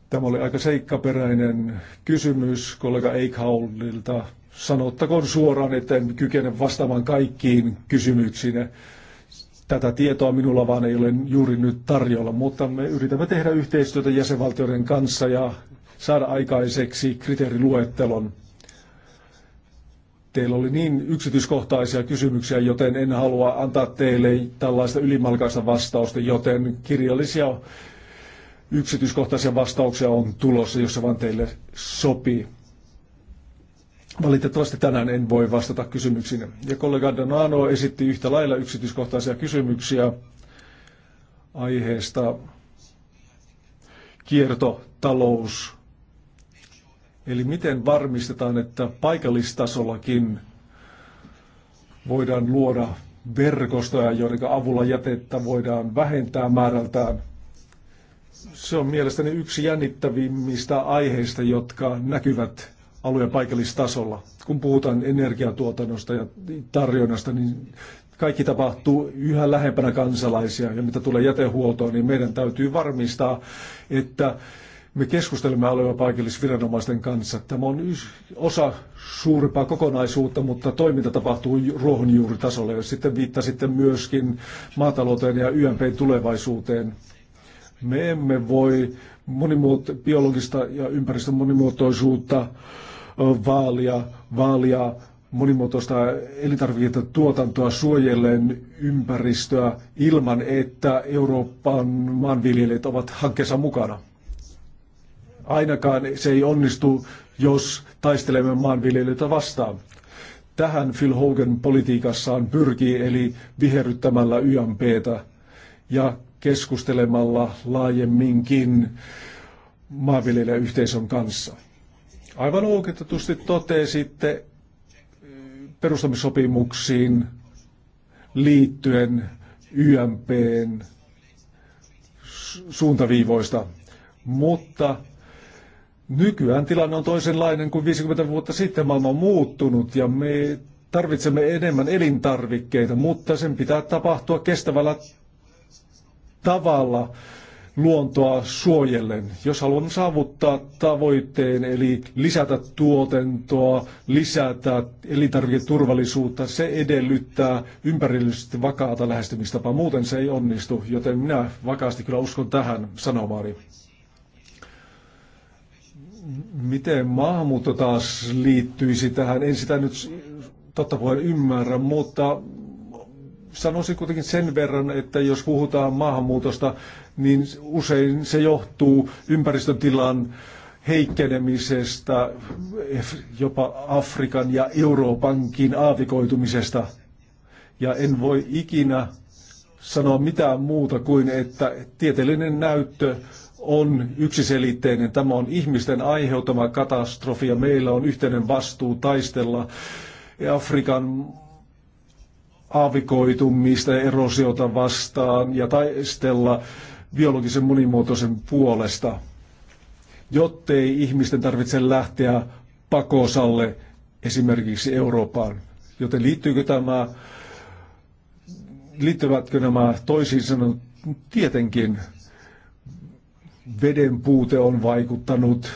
S3: Tämä oli aika seikkaperäinen kysymys kollega Eichhaulilta. Sanottakoon suoraan, että en kykene vastaamaan kaikkiin kysymyksiin. Tätä tietoa minulla vaan ei ole juuri nyt tarjolla, mutta me yritämme tehdä yhteistyötä jäsenvaltioiden kanssa ja saada aikaiseksi kriteeriluettelon. Teillä oli niin yksityiskohtaisia kysymyksiä, joten en halua antaa teille tällaista ylimalkaista vastausta, joten kirjallisia yksityiskohtaisia vastauksia on tulossa, jos se vaan teille sopii. Valitettavasti tänään en voi vastata kysymyksiin. Ja kollega Danano esitti yhtä lailla yksityiskohtaisia kysymyksiä aiheesta kiertotalous Eli miten varmistetaan, että paikallistasollakin voidaan luoda verkostoja, joiden avulla jätettä voidaan vähentää määrältään. Se on mielestäni yksi jännittävimmistä aiheista, jotka näkyvät alueen paikallistasolla. Kun puhutaan energiatuotannosta ja tarjonnasta, niin kaikki tapahtuu yhä lähempänä kansalaisia. Ja mitä tulee jätehuoltoon, niin meidän täytyy varmistaa, että me keskustelemme alueen paikallisviranomaisten kanssa. Tämä on osa suurempaa kokonaisuutta, mutta toiminta tapahtuu ruohonjuuritasolla. Ja sitten viittasitte myöskin maatalouteen ja YMPn tulevaisuuteen. Me emme voi monimuoto- biologista ja ympäristön monimuotoisuutta vaalia, vaalia monimuotoista elintarviketuotantoa suojellen ympäristöä ilman, että Euroopan maanviljelijät ovat hankkeessa mukana. Ainakaan se ei onnistu, jos taistelemme maanviljelijöitä vastaan. Tähän Phil Hogan politiikassaan pyrkii, eli viherryttämällä YMPtä ja keskustelemalla laajemminkin maanviljelijäyhteisön kanssa. Aivan oikeutetusti totesitte eh, perustamissopimuksiin liittyen YMPn suuntaviivoista, mutta Nykyään tilanne on toisenlainen kuin 50 vuotta sitten. Maailma on muuttunut ja me tarvitsemme enemmän elintarvikkeita, mutta sen pitää tapahtua kestävällä tavalla luontoa suojellen. Jos haluamme saavuttaa tavoitteen, eli lisätä tuotantoa, lisätä elintarviketurvallisuutta, se edellyttää ympärillisesti vakaata lähestymistapaa. Muuten se ei onnistu, joten minä vakaasti kyllä uskon tähän sanomaani miten maahanmuutto taas liittyisi tähän. En sitä nyt totta puheen ymmärrä, mutta sanoisin kuitenkin sen verran, että jos puhutaan maahanmuutosta, niin usein se johtuu ympäristötilan heikkenemisestä, jopa Afrikan ja Euroopankin aavikoitumisesta. Ja en voi ikinä sanoa mitään muuta kuin, että tieteellinen näyttö on yksiselitteinen. Tämä on ihmisten aiheuttama katastrofi ja meillä on yhteinen vastuu taistella Afrikan aavikoitumista erosiota vastaan ja taistella biologisen monimuotoisen puolesta, jottei ihmisten tarvitse lähteä pakosalle esimerkiksi Eurooppaan. Joten liittyykö tämä, liittyvätkö nämä toisiin No, tietenkin veden puute on vaikuttanut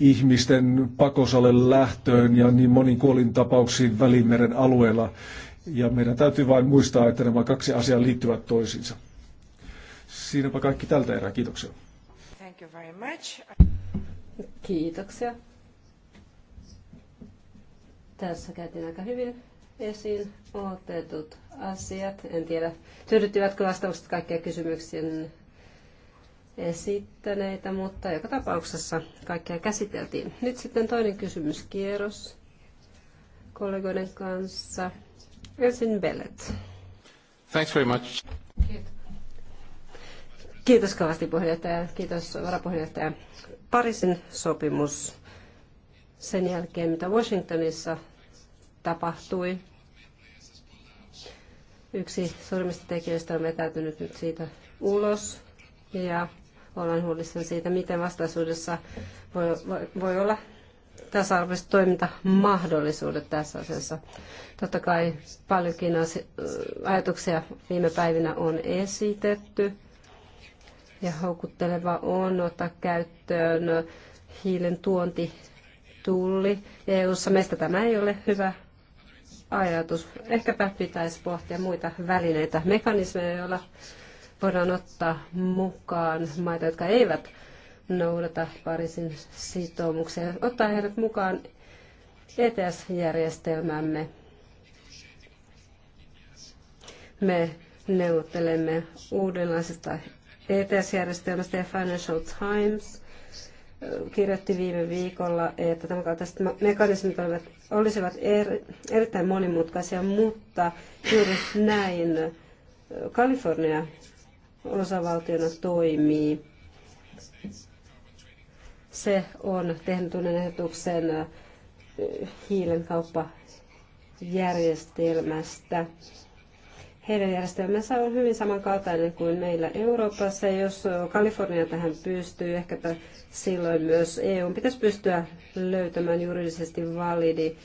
S3: ihmisten pakosalle lähtöön ja niin monin kuolin tapauksiin Välimeren alueella. Ja meidän täytyy vain muistaa, että nämä kaksi asiaa liittyvät toisiinsa. Siinäpä kaikki tältä erää. Kiitoksia.
S1: Thank you very much. Kiitoksia. Tässä käytiin aika hyvin esiin otetut asiat. En tiedä, tyydyttyvätkö vastaukset kaikkia kysymyksien esittäneitä, mutta joka tapauksessa kaikkea käsiteltiin. Nyt sitten toinen kysymyskierros kollegoiden kanssa. Ensin Bellet.
S3: Thanks very much.
S1: Kiitos. Kiitos kovasti puheenjohtaja. Kiitos varapuheenjohtaja. Pariisin sopimus sen jälkeen, mitä Washingtonissa tapahtui yksi suurimmista tekijöistä on vetäytynyt nyt siitä ulos ja ollaan huolissaan siitä, miten vastaisuudessa voi, voi, voi olla tasa-arvoiset toimintamahdollisuudet tässä asiassa. Totta kai paljonkin ajatuksia viime päivinä on esitetty ja houkutteleva on ottaa käyttöön hiilen tuonti tulli. EU-ssa meistä tämä ei ole hyvä ajatus. Ehkäpä pitäisi pohtia muita välineitä, mekanismeja, joilla voidaan ottaa mukaan maita, jotka eivät noudata Pariisin sitoumuksia, ottaa heidät mukaan ETS-järjestelmämme. Me neuvottelemme uudenlaisesta ETS-järjestelmästä ja Financial Times kirjoitti viime viikolla, että tämänkaltaiset mekanismit olivat olisivat eri, erittäin monimutkaisia, mutta juuri näin Kalifornia osavaltiona toimii. Se on tehnyt uuden ehdotuksen hiilen kauppajärjestelmästä heidän järjestelmänsä on hyvin samankaltainen kuin meillä Euroopassa. Jos Kalifornia tähän pystyy, ehkä silloin myös EU pitäisi pystyä löytämään juridisesti validi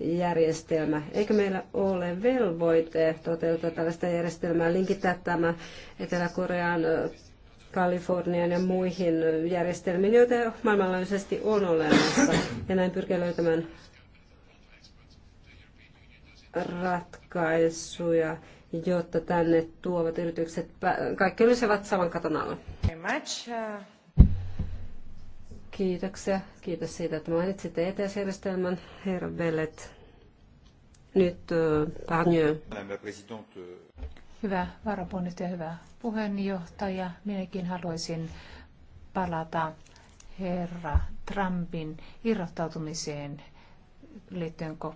S1: järjestelmä. Eikö meillä ole velvoite toteuttaa tällaista järjestelmää, linkittää tämä Etelä-Korean, Kalifornian ja muihin järjestelmiin, joita maailmanlaajuisesti on olemassa, ja näin pyrkiä löytämään ratkaisuja jotta tänne tuovat yritykset, kaikki olisivat saman katon alla. Uh, Kiitoksia. Kiitos siitä, että mainitsitte ETS-järjestelmän, herra Bellet. Nyt uh, Parnieu. Uh, hyvä
S2: varapuheenjohtaja, hyvä puheenjohtaja. Minäkin haluaisin palata herra Trumpin irrottautumiseen liittyen COP21.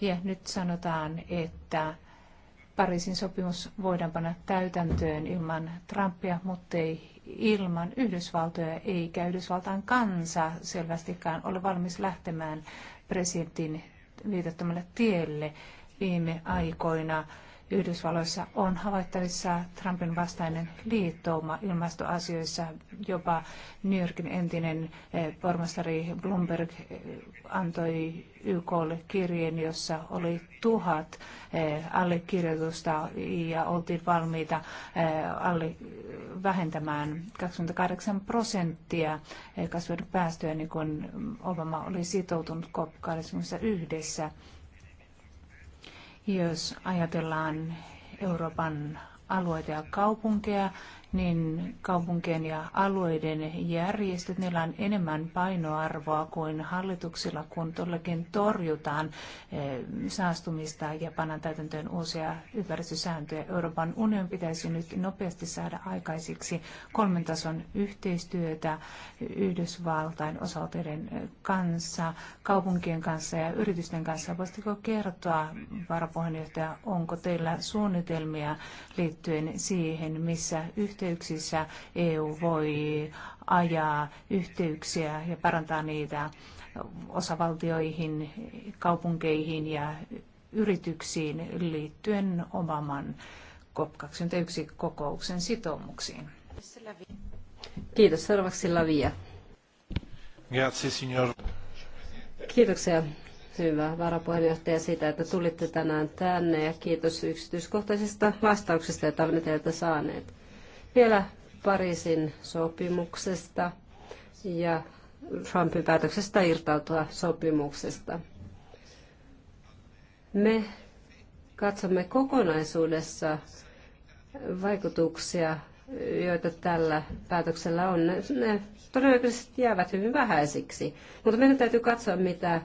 S2: Ja nyt sanotaan, että Pariisin sopimus voidaan panna täytäntöön ilman Trumpia, mutta ei ilman Yhdysvaltoja, eikä Yhdysvaltain kansa selvästikään ole valmis lähtemään presidentin viitattomalle tielle viime aikoina Yhdysvalloissa on havaittavissa Trumpin vastainen liittouma ilmastoasioissa. Jopa New Yorkin entinen eh, pormestari Bloomberg eh, antoi YKlle kirjeen, jossa oli tuhat eh, allekirjoitusta ja oltiin valmiita alle vähentämään 28 prosenttia kasvien päästöjä, niin kuin Obama oli sitoutunut COP21 jos ajatellaan Euroopan alueita ja kaupunkeja, niin kaupunkien ja alueiden järjestöt, niillä on enemmän painoarvoa kuin hallituksilla, kun todellakin torjutaan eh, saastumista ja pannaan täytäntöön uusia ympäristösääntöjä. Euroopan union pitäisi nyt nopeasti saada aikaisiksi kolmen tason yhteistyötä Yhdysvaltain osalteiden eh, kanssa, kaupunkien kanssa ja yritysten kanssa. Voisitko kertoa, varapuheenjohtaja, onko teillä suunnitelmia liittyen siihen, missä yhteistyö yhteyksissä EU voi ajaa yhteyksiä ja parantaa niitä osavaltioihin, kaupunkeihin ja yrityksiin liittyen Obaman COP21-kokouksen sitoumuksiin.
S1: Kiitos. Seuraavaksi Lavia.
S3: Grazie, signor.
S1: Kiitoksia, hyvä varapuheenjohtaja, siitä, että tulitte tänään tänne ja kiitos yksityiskohtaisista vastauksista, joita olemme teiltä saaneet vielä Pariisin sopimuksesta ja Trumpin päätöksestä irtautua sopimuksesta. Me katsomme kokonaisuudessa vaikutuksia, joita tällä päätöksellä on. Ne, ne todennäköisesti jäävät hyvin vähäisiksi, mutta meidän täytyy katsoa, mitä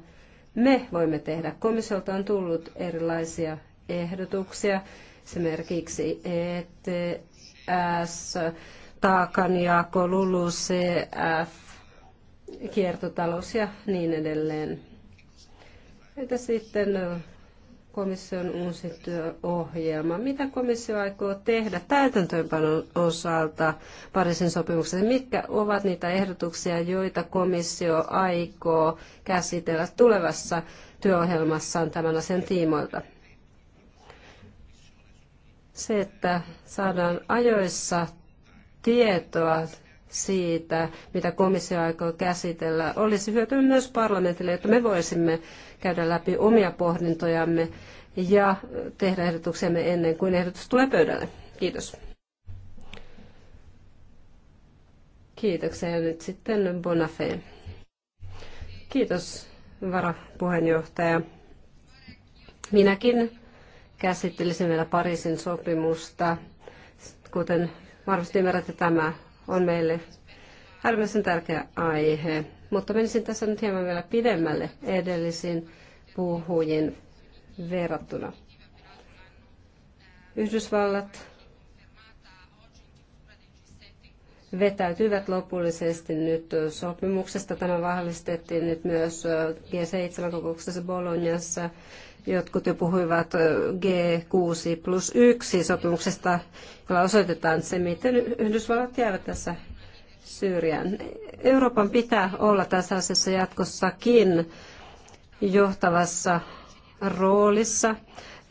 S1: me voimme tehdä. Komissiolta on tullut erilaisia ehdotuksia, esimerkiksi e ETS, taakanjako, LULUCF, kiertotalous ja niin edelleen. Entä sitten komission uusi työohjelma? Mitä komissio aikoo tehdä täytäntöönpanon osalta Pariisin sopimuksessa? Mitkä ovat niitä ehdotuksia, joita komissio aikoo käsitellä tulevassa työohjelmassaan tämän asian tiimoilta? Se, että saadaan ajoissa tietoa siitä, mitä komissio aikoo käsitellä, olisi hyötynyt myös parlamentille, että me voisimme käydä läpi omia pohdintojamme ja tehdä ehdotuksemme ennen kuin ehdotus tulee pöydälle. Kiitos. Kiitoksia ja nyt sitten Bonafé. Kiitos varapuheenjohtaja. Minäkin käsittelisimme vielä Pariisin sopimusta. Kuten varmasti ymmärrätte, tämä on meille äärimmäisen tärkeä aihe. Mutta menisin tässä nyt hieman vielä pidemmälle edellisiin puhujiin verrattuna. Yhdysvallat vetäytyivät lopullisesti nyt sopimuksesta. Tämä vahvistettiin nyt myös G7-kokouksessa Bolognassa Jotkut jo puhuivat G6 plus 1 sopimuksesta, jolla osoitetaan se, miten Yhdysvallat jäävät tässä Syyrian. Euroopan pitää olla tässä asiassa jatkossakin johtavassa roolissa.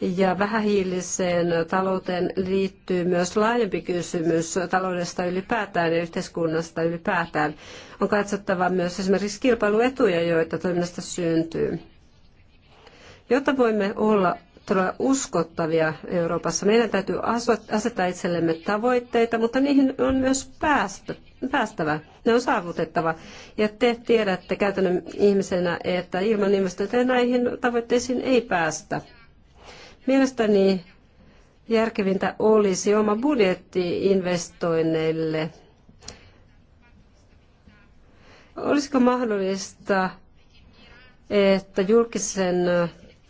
S1: Ja vähähiiliseen talouteen liittyy myös laajempi kysymys taloudesta ylipäätään ja yhteiskunnasta ylipäätään. On katsottava myös esimerkiksi kilpailuetuja, joita toiminnasta syntyy. Jotta voimme olla todella uskottavia Euroopassa, meidän täytyy asettaa itsellemme tavoitteita, mutta niihin on myös päästä, päästävä. Ne on saavutettava. Ja te tiedätte käytännön ihmisenä, että ilman investointeja näihin tavoitteisiin ei päästä. Mielestäni järkevintä olisi oma budjetti investoinneille. Olisiko mahdollista, että julkisen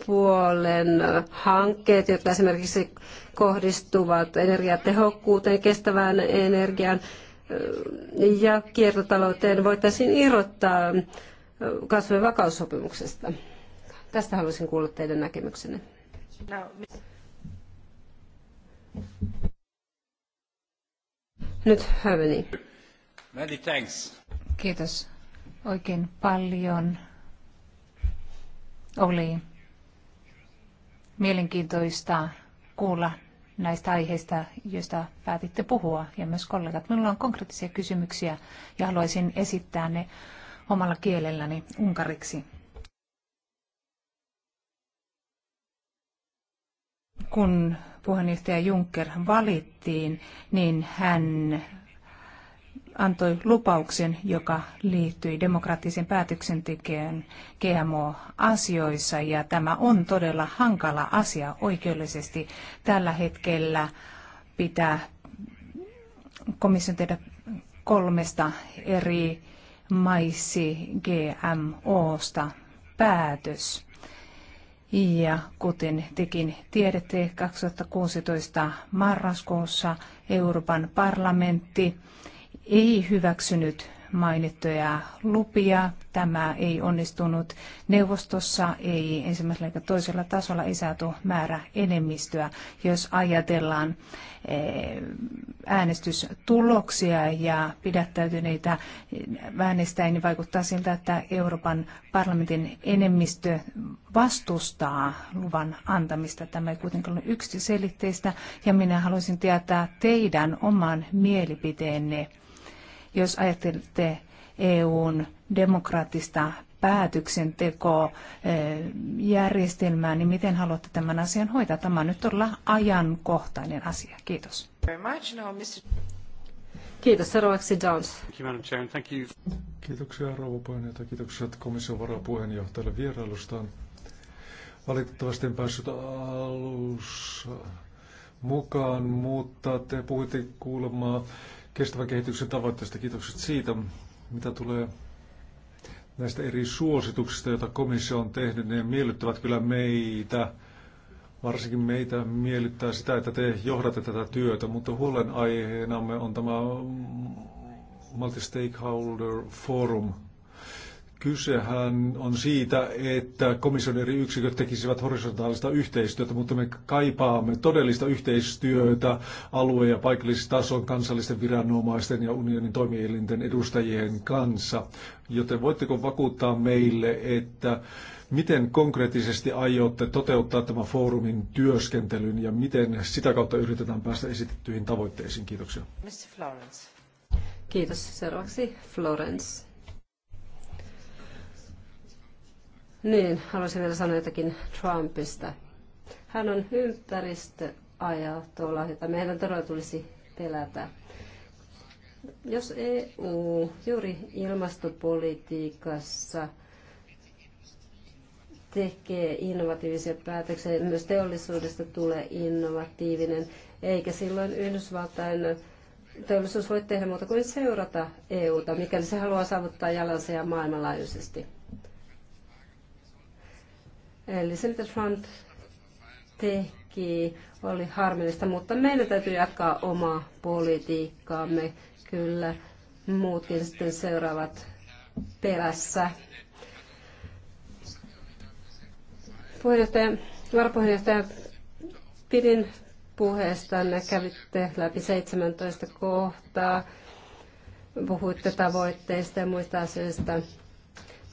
S1: puolen hankkeet, jotka esimerkiksi kohdistuvat energiatehokkuuteen, kestävään energiaan ja kiertotalouteen, voitaisiin irrottaa kasvu- vakaussopimuksesta. Tästä haluaisin kuulla teidän näkemyksenne. Nyt Häveni. Many thanks.
S2: Kiitos oikein paljon. Oli mielenkiintoista kuulla näistä aiheista, joista päätitte puhua, ja myös kollegat. Minulla on konkreettisia kysymyksiä, ja haluaisin esittää ne omalla kielelläni unkariksi. Kun puheenjohtaja Juncker valittiin, niin hän antoi lupauksen, joka liittyi demokraattiseen päätöksentekoon GMO-asioissa, ja tämä on todella hankala asia oikeudellisesti. Tällä hetkellä pitää komission tehdä kolmesta eri maissi GMOsta päätös. Ja kuten tekin tiedätte, 2016 marraskuussa Euroopan parlamentti ei hyväksynyt mainittuja lupia. Tämä ei onnistunut neuvostossa, ei ensimmäisellä eikä toisella tasolla ei saatu määrä enemmistöä. Jos ajatellaan eh, äänestystuloksia ja pidättäytyneitä äänestäjiä, niin vaikuttaa siltä, että Euroopan parlamentin enemmistö vastustaa luvan antamista. Tämä ei kuitenkaan ole yksiselitteistä ja minä haluaisin tietää teidän oman mielipiteenne jos ajattelette EUn demokraattista päätöksentekojärjestelmää, eh, niin miten haluatte tämän asian hoitaa? Tämä on nyt todella ajankohtainen asia. Kiitos.
S1: Kiitos. Seuraavaksi
S3: Downs. Kiitoksia rouva puheenjohtaja. kiitoksia komission varapuheenjohtajalle vierailustaan. Valitettavasti en päässyt alussa mukaan, mutta te puhuitte kuulemaan kestävän kehityksen tavoitteista. Kiitokset siitä, mitä tulee näistä eri suosituksista, joita komissio on tehnyt. Ne miellyttävät kyllä meitä. Varsinkin meitä miellyttää sitä, että te johdatte tätä työtä, mutta huolenaiheenamme on tämä Multi-Stakeholder Forum – Kysehän on siitä, että komission eri yksiköt tekisivät horisontaalista yhteistyötä, mutta me kaipaamme todellista yhteistyötä alue- ja paikallistason kansallisten viranomaisten ja unionin toimielinten edustajien kanssa. Joten voitteko vakuuttaa meille, että miten konkreettisesti aiotte toteuttaa tämän foorumin työskentelyn ja miten sitä kautta yritetään päästä esitettyihin tavoitteisiin? Kiitoksia.
S1: Mr. Florence. Kiitos. Seuraavaksi Florence. Niin, haluaisin vielä sanoa jotakin Trumpista. Hän on ympäristöajatolla, jota meidän todella tulisi pelätä. Jos EU juuri ilmastopolitiikassa tekee innovatiivisia päätöksiä, niin myös teollisuudesta tulee innovatiivinen, eikä silloin Yhdysvaltain teollisuus voi tehdä muuta kuin seurata EUta, mikäli se haluaa saavuttaa jalansa ja maailmanlaajuisesti. Eli se, teki, oli harmillista, mutta meidän täytyy jatkaa omaa politiikkaamme. Kyllä muutkin sitten seuraavat perässä. Puheenjohtaja, varapuheenjohtaja, pidin puheestanne, kävitte läpi 17 kohtaa, puhuitte tavoitteista ja muista asioista.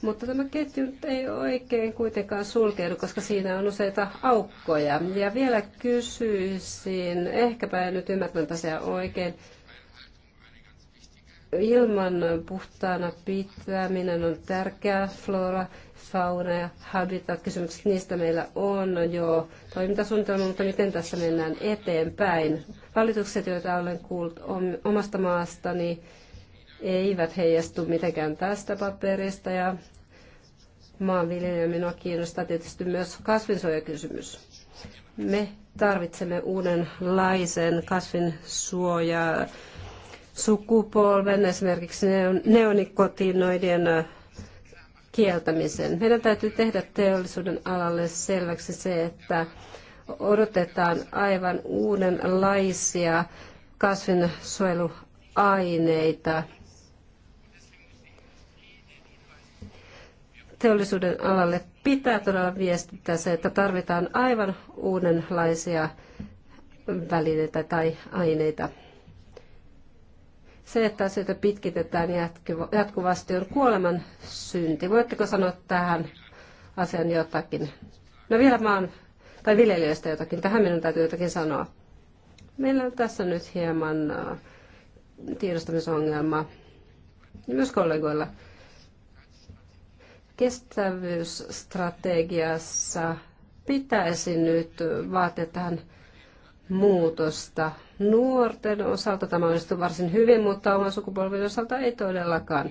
S1: Mutta tämä ketju ei oikein kuitenkaan sulkeudu, koska siinä on useita aukkoja. Ja vielä kysyisin, ehkäpä en nyt ymmärtänyt asiaa oikein, ilman puhtaana pitäminen on tärkeää, flora, fauna ja habitat, kysymykset niistä meillä on jo toimintasuunnitelma, mutta miten tässä mennään eteenpäin. Valitukset, joita olen kuullut omasta maastani, eivät heijastu mitenkään tästä paperista ja maanviljelijä minua kiinnostaa tietysti myös kasvinsuojakysymys. Me tarvitsemme uudenlaisen kasvinsuoja sukupolven, esimerkiksi neonikotinoidien kieltämisen. Meidän täytyy tehdä teollisuuden alalle selväksi se, että odotetaan aivan uudenlaisia kasvinsuojeluaineita teollisuuden alalle pitää todella viestittää se, että tarvitaan aivan uudenlaisia välineitä tai aineita. Se, että asioita pitkitetään jatkuvasti, on kuoleman synti. Voitteko sanoa tähän asian jotakin? No vielä maan tai viljelijöistä jotakin. Tähän minun täytyy jotakin sanoa. Meillä on tässä nyt hieman äh, tiedostamisongelma myös kollegoilla kestävyysstrategiassa pitäisi nyt vaatia tähän muutosta. Nuorten osalta tämä onnistuu varsin hyvin, mutta oman sukupolven osalta ei todellakaan.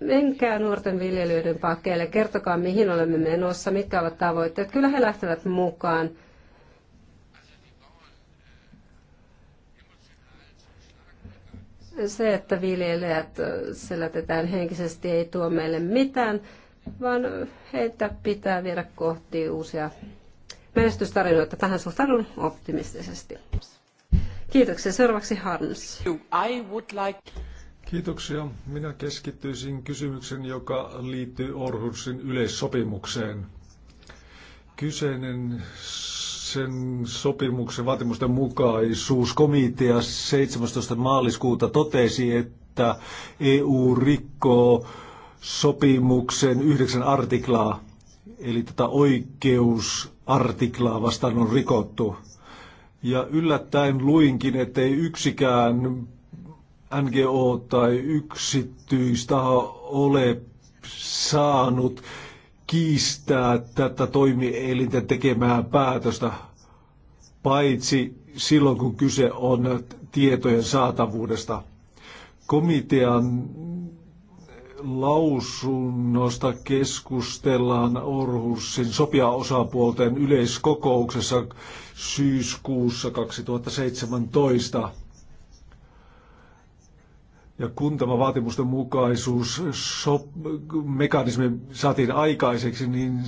S1: Menkää nuorten viljelijöiden pakeille, kertokaa mihin olemme menossa, mitkä ovat tavoitteet. Kyllä he lähtevät mukaan. Se, että viljelijät selätetään henkisesti, ei tuo meille mitään, vaan heitä pitää viedä kohti uusia menestystarinoita. Tähän suhtaudun optimistisesti. Kiitoksia. Seuraavaksi Harms.
S3: Kiitoksia. Minä keskittyisin kysymyksen, joka liittyy Orhusin yleissopimukseen. Kyseinen sen sopimuksen vaatimusten mukaisuuskomitea 17. maaliskuuta totesi, että EU rikkoo sopimuksen yhdeksän artiklaa, eli tätä oikeusartiklaa vastaan on rikottu. Ja yllättäen luinkin, ettei yksikään NGO tai yksityistaho ole saanut kiistää tätä toimielinten tekemää päätöstä, paitsi silloin kun kyse on tietojen saatavuudesta. Komitean lausunnosta keskustellaan Orhusin sopijaosapuolten yleiskokouksessa syyskuussa 2017. Ja kun tämä vaatimusten mukaisuus mekanismi saatiin aikaiseksi, niin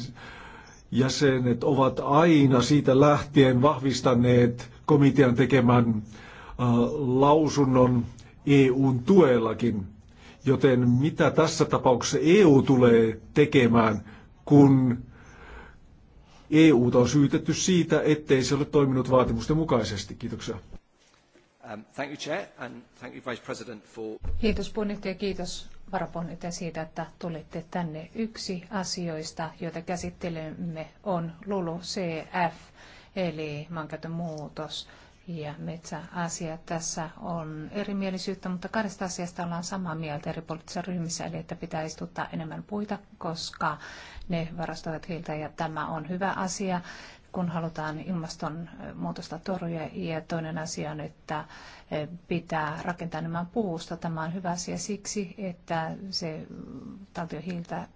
S3: jäsenet ovat aina siitä lähtien vahvistaneet komitean tekemän äh, lausunnon EUn tuellakin. Joten mitä tässä tapauksessa EU tulee tekemään, kun EUta on syytetty siitä, ettei se ole toiminut vaatimusten mukaisesti? Kiitoksia. Um, thank you, Chair, and thank you, Vice President,
S2: for... Kiitos puheenjohtaja, kiitos varapuheenjohtaja siitä, että tulitte tänne. Yksi asioista, joita käsittelemme, on LULU-CF, eli maankäytön muutos ja metsäasia. Tässä on erimielisyyttä, mutta kahdesta asiasta ollaan samaa mieltä eri poliittisissa ryhmissä, eli että pitää istuttaa enemmän puita, koska ne varastoivat hiiltä ja tämä on hyvä asia kun halutaan ilmastonmuutosta torjua. Ja toinen asia on, että eh, pitää rakentaa nämä puusta. Tämä on hyvä asia siksi, että se taltio hiiltä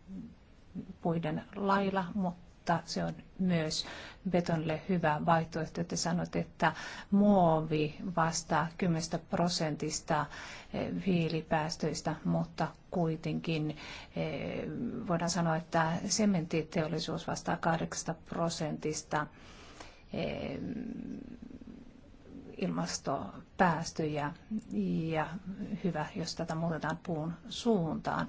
S2: puiden lailla, mutta mutta se on myös betonille hyvä vaihtoehto. Te sanot, että muovi vastaa 10 prosentista viilipäästöistä, eh, mutta kuitenkin eh, voidaan sanoa, että sementiteollisuus vastaa 8 prosentista eh, ilmastopäästöjä ja hyvä, jos tätä muutetaan puun suuntaan.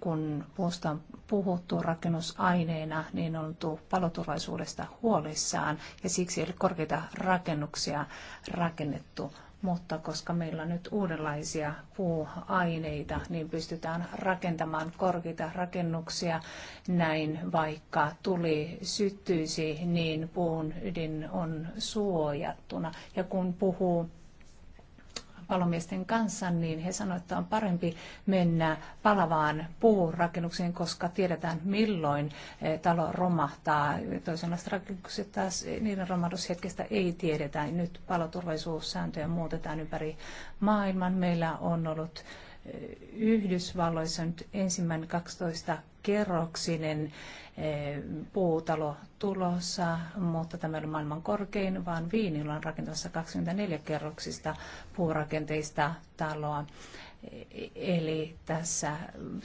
S2: Kun puusta on puhuttu rakennusaineena, niin on oltu paloturvallisuudesta huolissaan ja siksi ei ole korkeita rakennuksia rakennettu mutta koska meillä on nyt uudenlaisia puuaineita, niin pystytään rakentamaan korkeita rakennuksia. Näin vaikka tuli syttyisi, niin puun ydin on suojattuna. Ja kun puhuu palomiesten kanssa, niin he sanoivat, että on parempi mennä palavaan puurakennukseen, koska tiedetään milloin eh, talo romahtaa. Toisenlaiset rakennukset taas, eh, niiden romahdushetkestä ei tiedetä. Nyt paloturvallisuussääntöjä muutetaan ympäri maailman. Meillä on ollut eh, Yhdysvalloissa nyt ensimmäinen 12 kerroksinen eh, puutalo tulossa, mutta tämä on maailman korkein, vaan Viinillä on rakentamassa 24 kerroksista puurakenteista taloa. E, eli tässä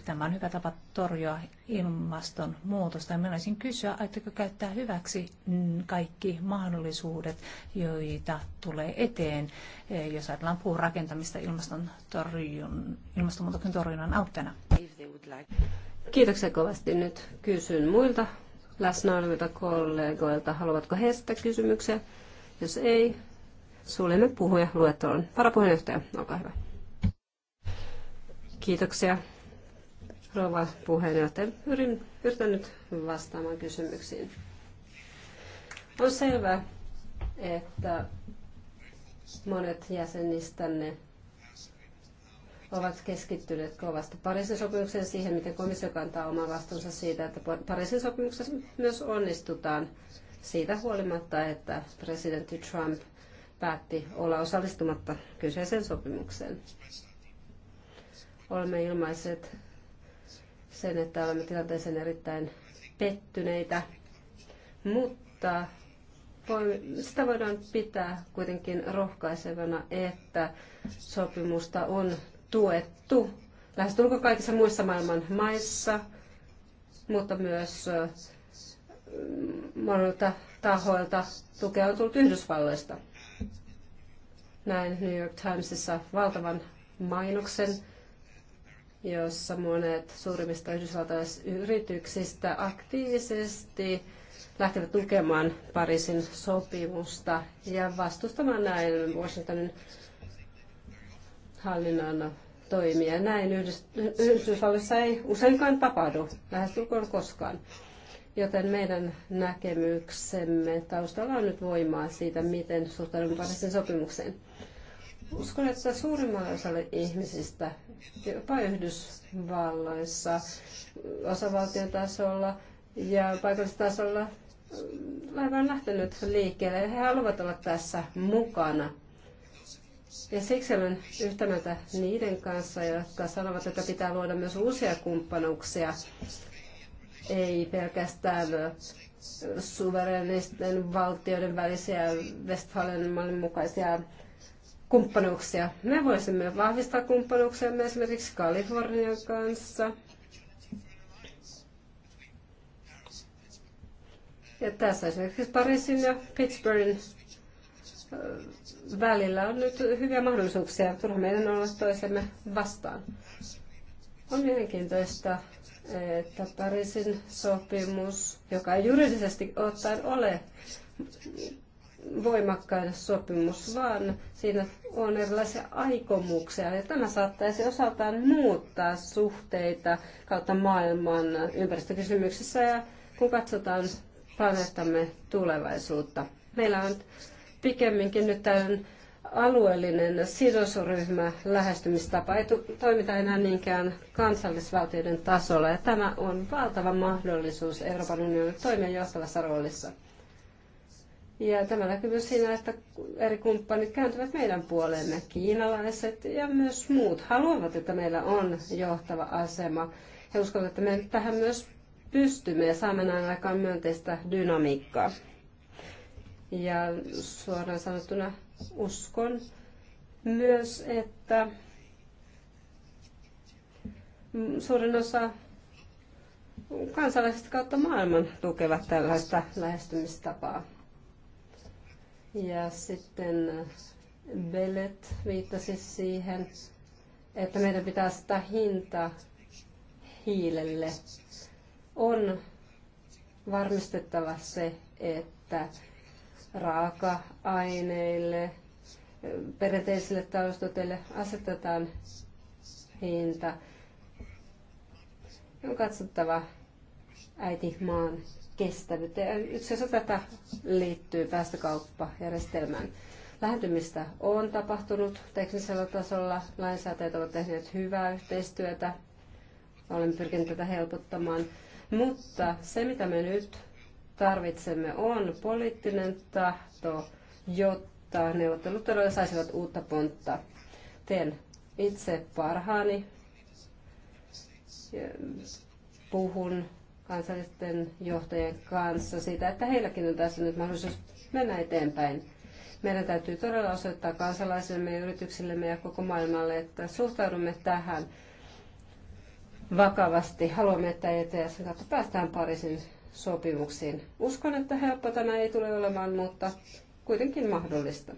S2: tämä on hyvä tapa torjua ilmastonmuutosta. Minä olisin kysyä, aiotteko käyttää hyväksi kaikki mahdollisuudet, joita tulee eteen, e, jos ajatellaan puurakentamista ilmaston
S1: torjun, ilmastonmuutoksen torjunnan auttana. Kiitoksia kovasti nyt kysyn muilta läsnä olevilta kollegoilta, haluavatko he sitä kysymyksiä. Jos ei, suljemme puhuja luettelon. Varapuheenjohtaja, olkaa hyvä. Kiitoksia rouva puheenjohtaja. Yrin, yritän nyt vastaamaan kysymyksiin. On selvää, että monet jäsenistänne ovat keskittyneet kovasti Pariisin sopimukseen siihen, miten komissio kantaa oman vastuunsa siitä, että Pariisin sopimuksessa myös onnistutaan siitä huolimatta, että presidentti Trump päätti olla osallistumatta kyseiseen sopimukseen. Olemme ilmaiset sen, että olemme tilanteeseen erittäin pettyneitä, mutta sitä voidaan pitää kuitenkin rohkaisevana, että sopimusta on tuettu lähestulkoon kaikissa muissa maailman maissa, mutta myös monilta tahoilta tukea on tullut Yhdysvalloista. Näin New York Timesissa valtavan mainoksen, jossa monet suurimmista yhdysvaltalaisyrityksistä aktiivisesti lähtevät tukemaan Pariisin sopimusta ja vastustamaan näin Washingtonin hallinnon toimia. Näin Yhdysvalloissa ei useinkaan tapahdu, lähestulkoon koskaan. Joten meidän näkemyksemme taustalla on nyt voimaa siitä, miten suhtaudumme Pariisin sopimukseen. Uskon, että suurimmalle osalle ihmisistä, jopa Yhdysvalloissa, osavaltion tasolla ja paikallistasolla, laiva on lähtenyt liikkeelle ja he haluavat olla tässä mukana. Ja siksi olen yhtä mieltä niiden kanssa, jotka sanovat, että pitää luoda myös uusia kumppanuuksia, ei pelkästään suverenisten valtioiden välisiä Westfalen mallin mukaisia kumppanuuksia. Me voisimme vahvistaa kumppanuuksiamme esimerkiksi Kalifornian kanssa. Ja tässä esimerkiksi Pariisin ja Pittsburghin välillä on nyt hyviä mahdollisuuksia. Turha meidän olla toisemme vastaan. On mielenkiintoista, että Pariisin sopimus, joka ei juridisesti ottaen ole voimakkain sopimus, vaan siinä on erilaisia aikomuksia. Ja tämä saattaisi osaltaan muuttaa suhteita kautta maailman ympäristökysymyksissä ja kun katsotaan planeettamme tulevaisuutta. Meillä on pikemminkin nyt tämän alueellinen sidosryhmä lähestymistapa. Ei toimita enää niinkään kansallisvaltioiden tasolla ja tämä on valtava mahdollisuus Euroopan unionin toimia johtavassa roolissa. Ja tämä näkyy myös siinä, että eri kumppanit kääntyvät meidän puoleemme. Kiinalaiset ja myös muut haluavat, että meillä on johtava asema. He uskovat, että me tähän myös pystymme ja saamme näin aikaan myönteistä dynamiikkaa. Ja suoraan sanottuna uskon myös, että suurin osa kansalaiset kautta maailman tukevat tällaista lähestymistapaa. Ja sitten Bellet viittasi siihen, että meidän pitää sitä hinta hiilelle. On varmistettava se, että raaka-aineille, perinteisille taustoteille asetetaan hinta. On katsottava maan kestävyyttä. Yksi osa tätä liittyy päästökauppajärjestelmään. Lähentymistä on tapahtunut teknisellä tasolla. Lainsäätäjät ovat tehneet hyvää yhteistyötä. Olen pyrkinyt tätä helpottamaan. Mutta se, mitä me nyt tarvitsemme, on poliittinen tahto, jotta neuvottelut todella saisivat uutta pontta. Teen itse parhaani, puhun kansallisten johtajien kanssa siitä, että heilläkin on tässä nyt mahdollisuus mennä eteenpäin. Meidän täytyy todella osoittaa kansalaisillemme, yrityksillemme ja koko maailmalle, että suhtaudumme tähän vakavasti. Haluamme, että ETS kautta päästään Pariisin sopimuksiin. Uskon, että helppo tämä ei tule olemaan, mutta kuitenkin mahdollista.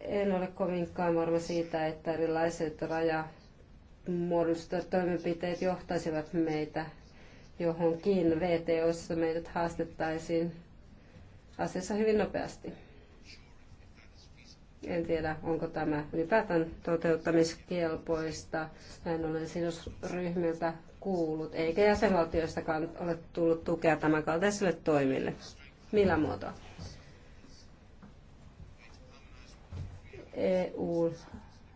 S1: En ole kovinkaan varma siitä, että erilaiset rajamuodostot toimenpiteet johtaisivat meitä johonkin VTOssa meidät haastettaisiin asiassa hyvin nopeasti. En tiedä, onko tämä ylipäätään toteuttamiskelpoista. Näin olen sidosryhmiltä kuullut, eikä jäsenvaltioistakaan ole tullut tukea tämän kaltaiselle toimille.
S3: Millä muotoa?
S1: EU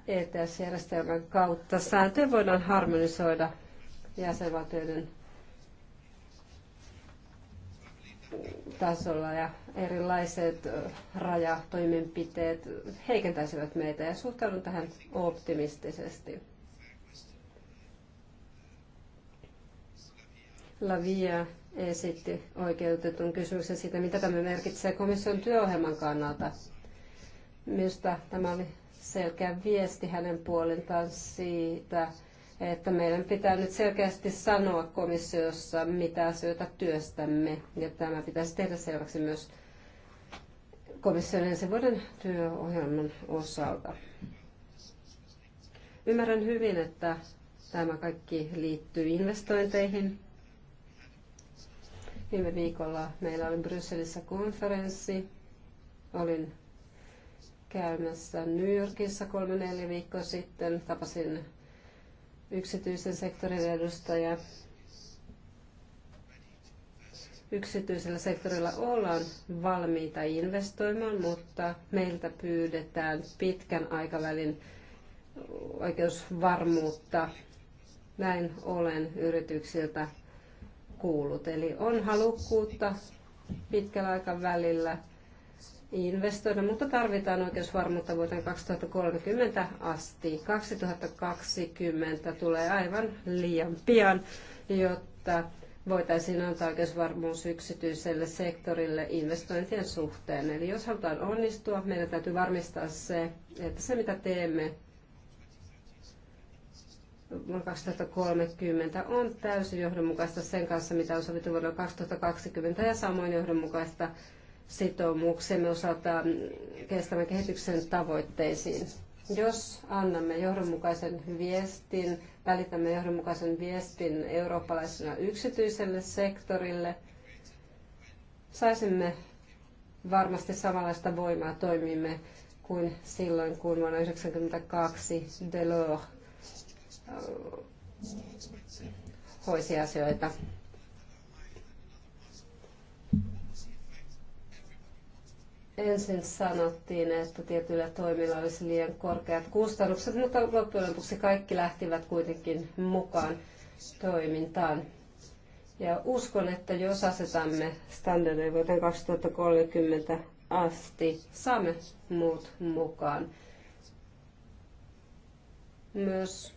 S1: ETS-järjestelmän kautta sääntöjä voidaan harmonisoida jäsenvaltioiden tasolla ja erilaiset rajatoimenpiteet heikentäisivät meitä ja suhtaudun tähän optimistisesti. Lavia esitti oikeutetun kysymyksen siitä, mitä tämä merkitsee komission työohjelman kannalta. Minusta tämä oli selkeä viesti hänen puoliltaan siitä, että meidän pitää nyt selkeästi sanoa komissiossa, mitä asioita työstämme. Ja tämä pitäisi tehdä selväksi myös komission ensi vuoden työohjelman osalta. Ymmärrän hyvin, että tämä kaikki liittyy investointeihin, Viime viikolla meillä oli Brysselissä konferenssi. Olin käymässä New Yorkissa kolme neljä viikkoa sitten. Tapasin yksityisen sektorin edustajia. Yksityisellä sektorilla ollaan valmiita investoimaan, mutta meiltä pyydetään pitkän aikavälin oikeusvarmuutta näin olen yrityksiltä kuullut. Eli on halukkuutta pitkällä aikavälillä investoida, mutta tarvitaan oikeusvarmuutta vuoteen 2030 asti. 2020 tulee aivan liian pian, jotta voitaisiin antaa oikeusvarmuus yksityiselle sektorille investointien suhteen. Eli jos halutaan onnistua, meidän täytyy varmistaa se, että se mitä teemme 2030 on täysin johdonmukaista sen kanssa, mitä on sovittu vuonna 2020 ja samoin johdonmukaista sitoumuksemme osalta kestävän kehityksen tavoitteisiin. Jos annamme johdonmukaisen viestin, välitämme johdonmukaisen viestin eurooppalaisena yksityiselle sektorille, saisimme varmasti samanlaista voimaa toimimme kuin silloin, kun vuonna 1992 Delors hoisi asioita. Ensin sanottiin, että tietyillä toimilla olisi liian korkeat kustannukset, mutta loppujen lopuksi kaikki lähtivät kuitenkin mukaan toimintaan. Ja uskon, että jos asetamme standardeja vuoteen 2030 asti, saamme muut mukaan. Myös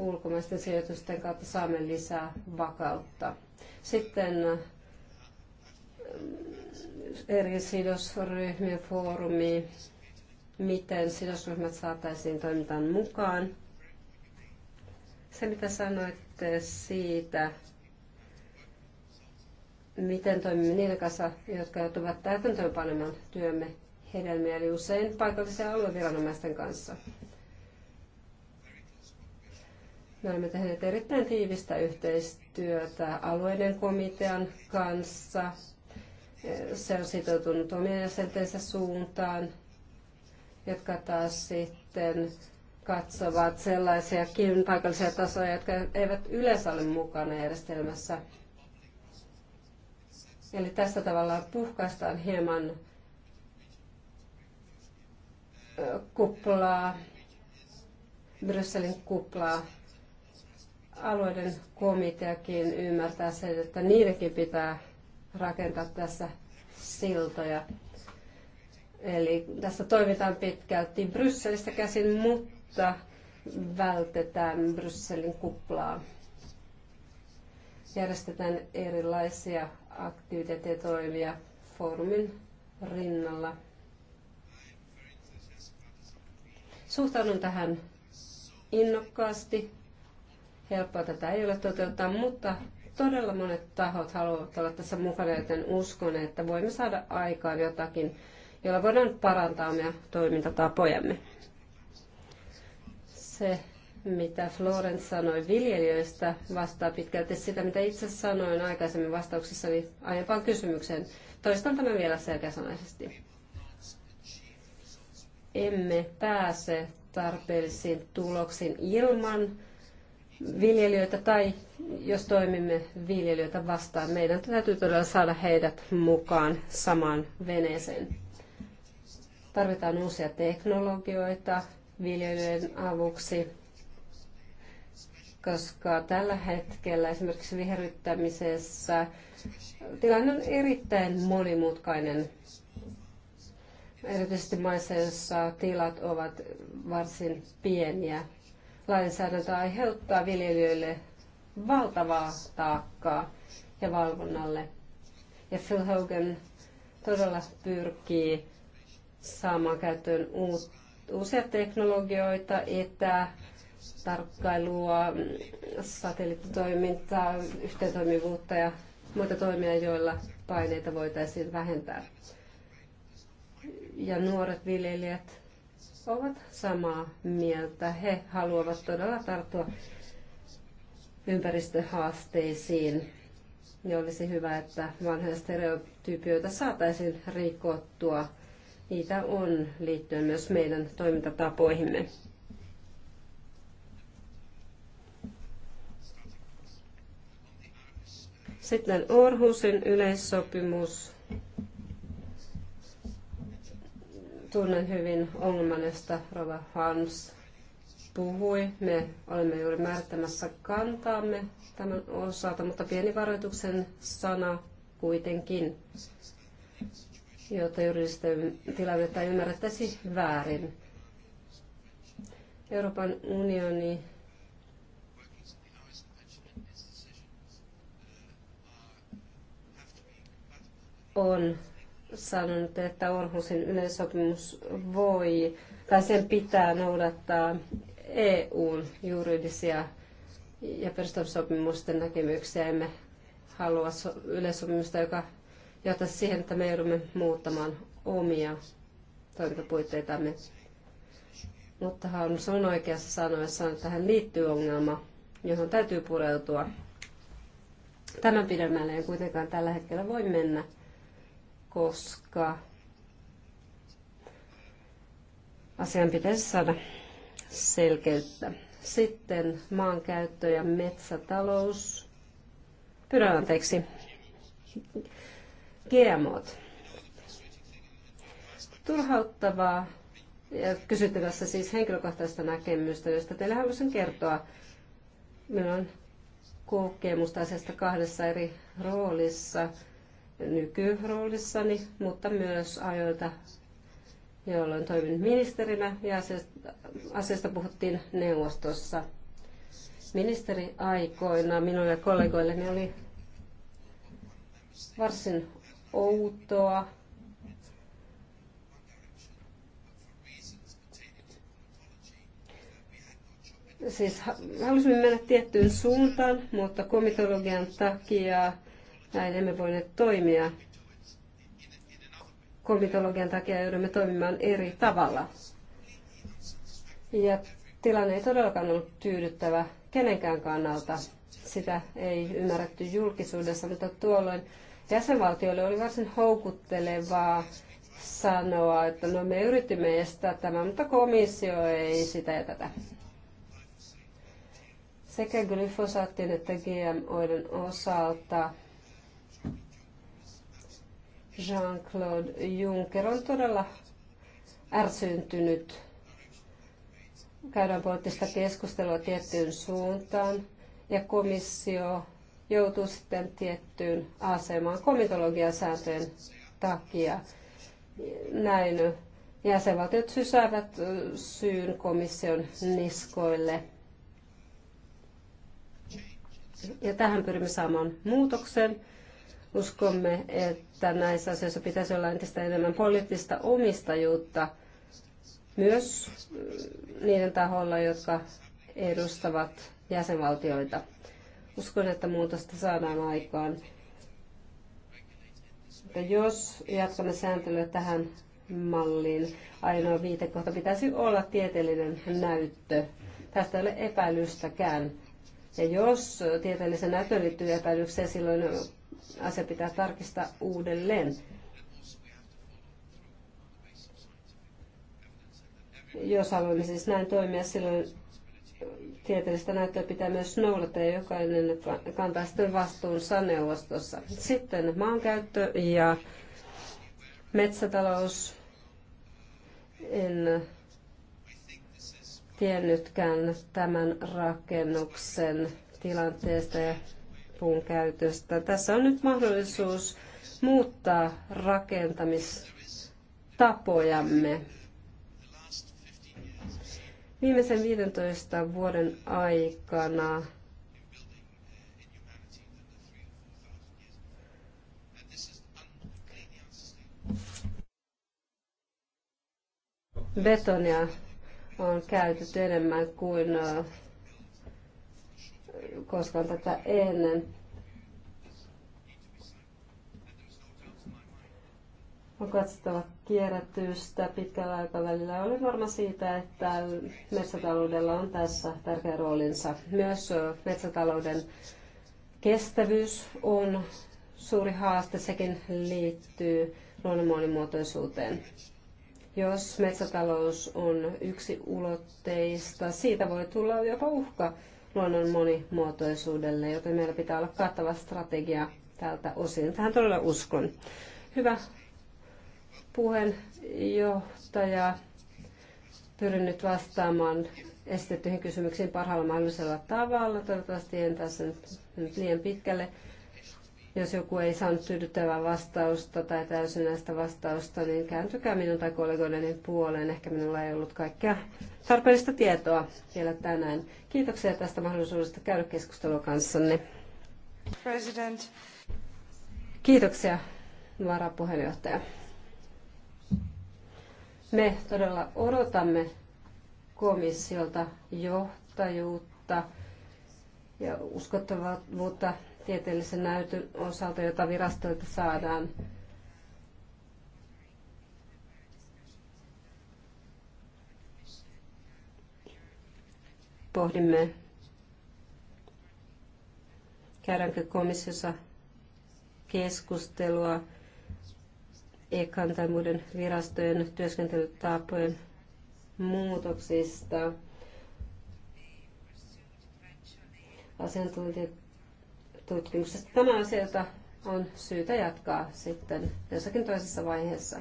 S1: ulkomaisten sijoitusten kautta saamme lisää vakautta. Sitten mm, eri sidosryhmien foorumi, miten sidosryhmät saataisiin toimintaan mukaan. Se, mitä sanoitte siitä, miten toimimme niiden kanssa, jotka joutuvat täytäntöön panemaan työmme hedelmiä, eli usein paikallisen alueviranomaisten kanssa. Me olemme tehneet erittäin tiivistä yhteistyötä alueiden komitean kanssa. Se on sitoutunut omien jäsentensä suuntaan, jotka taas sitten katsovat sellaisia paikallisia tasoja, jotka eivät yleensä ole mukana järjestelmässä. Eli tässä tavalla puhkaistaan hieman kuplaa, Brysselin kuplaa alueiden komiteakin ymmärtää sen, että niidenkin pitää rakentaa tässä siltoja. Eli tässä toimitaan pitkälti Brysselistä käsin, mutta vältetään Brysselin kuplaa. Järjestetään erilaisia toimia foorumin rinnalla. Suhtaudun tähän innokkaasti helppoa tätä ei ole toteuttaa, mutta todella monet tahot haluavat olla tässä mukana, joten uskon, että voimme saada aikaan jotakin, jolla voidaan parantaa meidän toimintatapojamme. Se, mitä Florence sanoi viljelijöistä, vastaa pitkälti sitä, mitä itse sanoin aikaisemmin vastauksessani aiempaan kysymykseen. Toistan tämän vielä selkeäsanaisesti. Emme pääse tarpeellisiin tuloksiin ilman, viljelijöitä tai jos toimimme viljelijöitä vastaan, meidän täytyy todella saada heidät mukaan samaan veneeseen. Tarvitaan uusia teknologioita viljelijöiden avuksi, koska tällä hetkellä esimerkiksi viherryttämisessä tilanne on erittäin monimutkainen. Erityisesti maissa, joissa tilat ovat varsin pieniä lainsäädäntö aiheuttaa viljelijöille valtavaa taakkaa ja valvonnalle. Ja Phil Hogan todella pyrkii saamaan käyttöön uut, uusia teknologioita, etä, tarkkailua, satelliittitoimintaa, yhteentoimivuutta ja muita toimia, joilla paineita voitaisiin vähentää. Ja nuoret viljelijät ovat samaa mieltä. He haluavat todella tarttua ympäristöhaasteisiin. Ja olisi hyvä, että vanhoja stereotypioita saataisiin rikottua. Niitä on liittyen myös meidän toimintatapoihimme. Sitten Orhusin yleissopimus tunnen hyvin ongelman, josta Rova Hans puhui. Me olemme juuri määrittämässä kantaamme tämän osalta, mutta pieni varoituksen sana kuitenkin, jotta juridista tilannetta ymmärrettäisi väärin. Euroopan unioni on sanonut, että Orhusin yleissopimus voi tai sen pitää noudattaa EUn juridisia ja perustamissopimusten näkemyksiä. Emme halua yleissopimusta, joka johtaa siihen, että me joudumme muuttamaan omia toimintapuitteitamme. Mutta hän on oikeassa sanoessaan, että tähän liittyy ongelma, johon täytyy pureutua. Tämän pidemmälle ei kuitenkaan tällä hetkellä voi mennä koska asian pitäisi saada selkeyttä. Sitten maankäyttö ja metsätalous.
S3: Pyydän anteeksi.
S1: GMOt. Turhauttavaa ja kysyttävässä siis henkilökohtaista näkemystä, josta teille haluaisin kertoa. Minulla on kokemusta asiasta kahdessa eri roolissa nykyroolissani, mutta myös ajoilta, jolloin toimin ministerinä ja asiasta puhuttiin neuvostossa. Ministeri aikoina minulle ja kollegoilleni oli varsin outoa siis halusimme mennä tiettyyn suuntaan, mutta komitologian takia näin emme voineet toimia. Komitologian takia joudumme toimimaan eri tavalla. Ja tilanne ei todellakaan ollut tyydyttävä kenenkään kannalta. Sitä ei ymmärretty julkisuudessa, mutta tuolloin jäsenvaltioille oli varsin houkuttelevaa sanoa, että no me yritimme estää tämän, mutta komissio ei sitä ja tätä. Sekä glyfosaattien että GMOiden osalta Jean-Claude Juncker on todella ärsyntynyt. Käydään poliittista keskustelua tiettyyn suuntaan ja komissio joutuu sitten tiettyyn asemaan komitologiasääntöjen takia. Näin jäsenvaltiot sysäävät syyn komission niskoille. Ja tähän pyrimme saamaan muutoksen Uskomme, että näissä asioissa pitäisi olla entistä enemmän poliittista omistajuutta myös mm, niiden taholla, jotka edustavat jäsenvaltioita. Uskon, että muutosta saadaan aikaan. Mutta jos jatkamme sääntelyä tähän malliin, ainoa viitekohta pitäisi olla tieteellinen näyttö. Tästä ei ole epäilystäkään. Ja jos tieteellisen näyttöön liittyy epäilykseen, silloin asia pitää tarkistaa uudelleen. Jos haluamme siis näin toimia, silloin tieteellistä näyttöä pitää myös noudattaa ja jokainen kantaa sitten vastuunsa neuvostossa. Sitten maankäyttö ja metsätalous. En tiennytkään tämän rakennuksen tilanteesta ja puun käytöstä. Tässä on nyt mahdollisuus muuttaa rakentamistapojamme. Viimeisen 15 vuoden aikana betonia on käytetty enemmän kuin koskaan tätä ennen. On katsottava kierrätystä pitkällä aikavälillä. Olen varma siitä, että metsätaloudella on tässä tärkeä roolinsa. Myös metsätalouden kestävyys on suuri haaste. Sekin liittyy luonnon monimuotoisuuteen. Jos metsätalous on yksi ulotteista, siitä voi tulla jopa uhka luonnon monimuotoisuudelle, joten meillä pitää olla kattava strategia tältä osin. Tähän todella uskon. Hyvä puheenjohtaja. Pyrin nyt vastaamaan esitettyihin kysymyksiin parhaalla mahdollisella tavalla. Toivottavasti en tässä nyt liian pitkälle jos joku ei saanut tyydyttävää vastausta tai täysinäistä vastausta, niin kääntykää minun tai kollegoideni puoleen. Ehkä minulla ei ollut kaikkea tarpeellista tietoa vielä tänään. Kiitoksia tästä mahdollisuudesta käydä keskustelua kanssanne. President. Kiitoksia, varapuheenjohtaja. Me todella odotamme komissiolta johtajuutta ja uskottavuutta tieteellisen näytön osalta, jota virastoilta saadaan. Pohdimme, käydäänkö komissiossa keskustelua ekan tai muiden virastojen työskentelytapojen muutoksista. Asiantuntijat tutkimuksesta. Tämä asia, jota on syytä jatkaa sitten jossakin toisessa vaiheessa.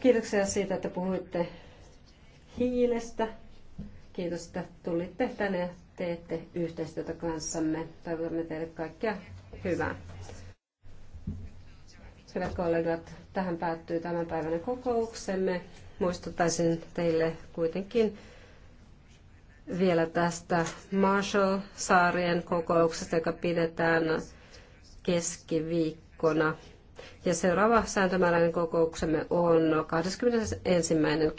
S1: Kiitoksia siitä, että puhuitte hiilestä. Kiitos, että tulitte tänne ja teette yhteistyötä kanssamme. Toivotamme teille kaikkea hyvää. Hyvät kollegat, tähän päättyy tämän päivänä kokouksemme. Muistuttaisin teille kuitenkin vielä tästä Marshall-saarien kokouksesta, joka pidetään keskiviikkona. Ja seuraava sääntömääräinen kokouksemme on 21.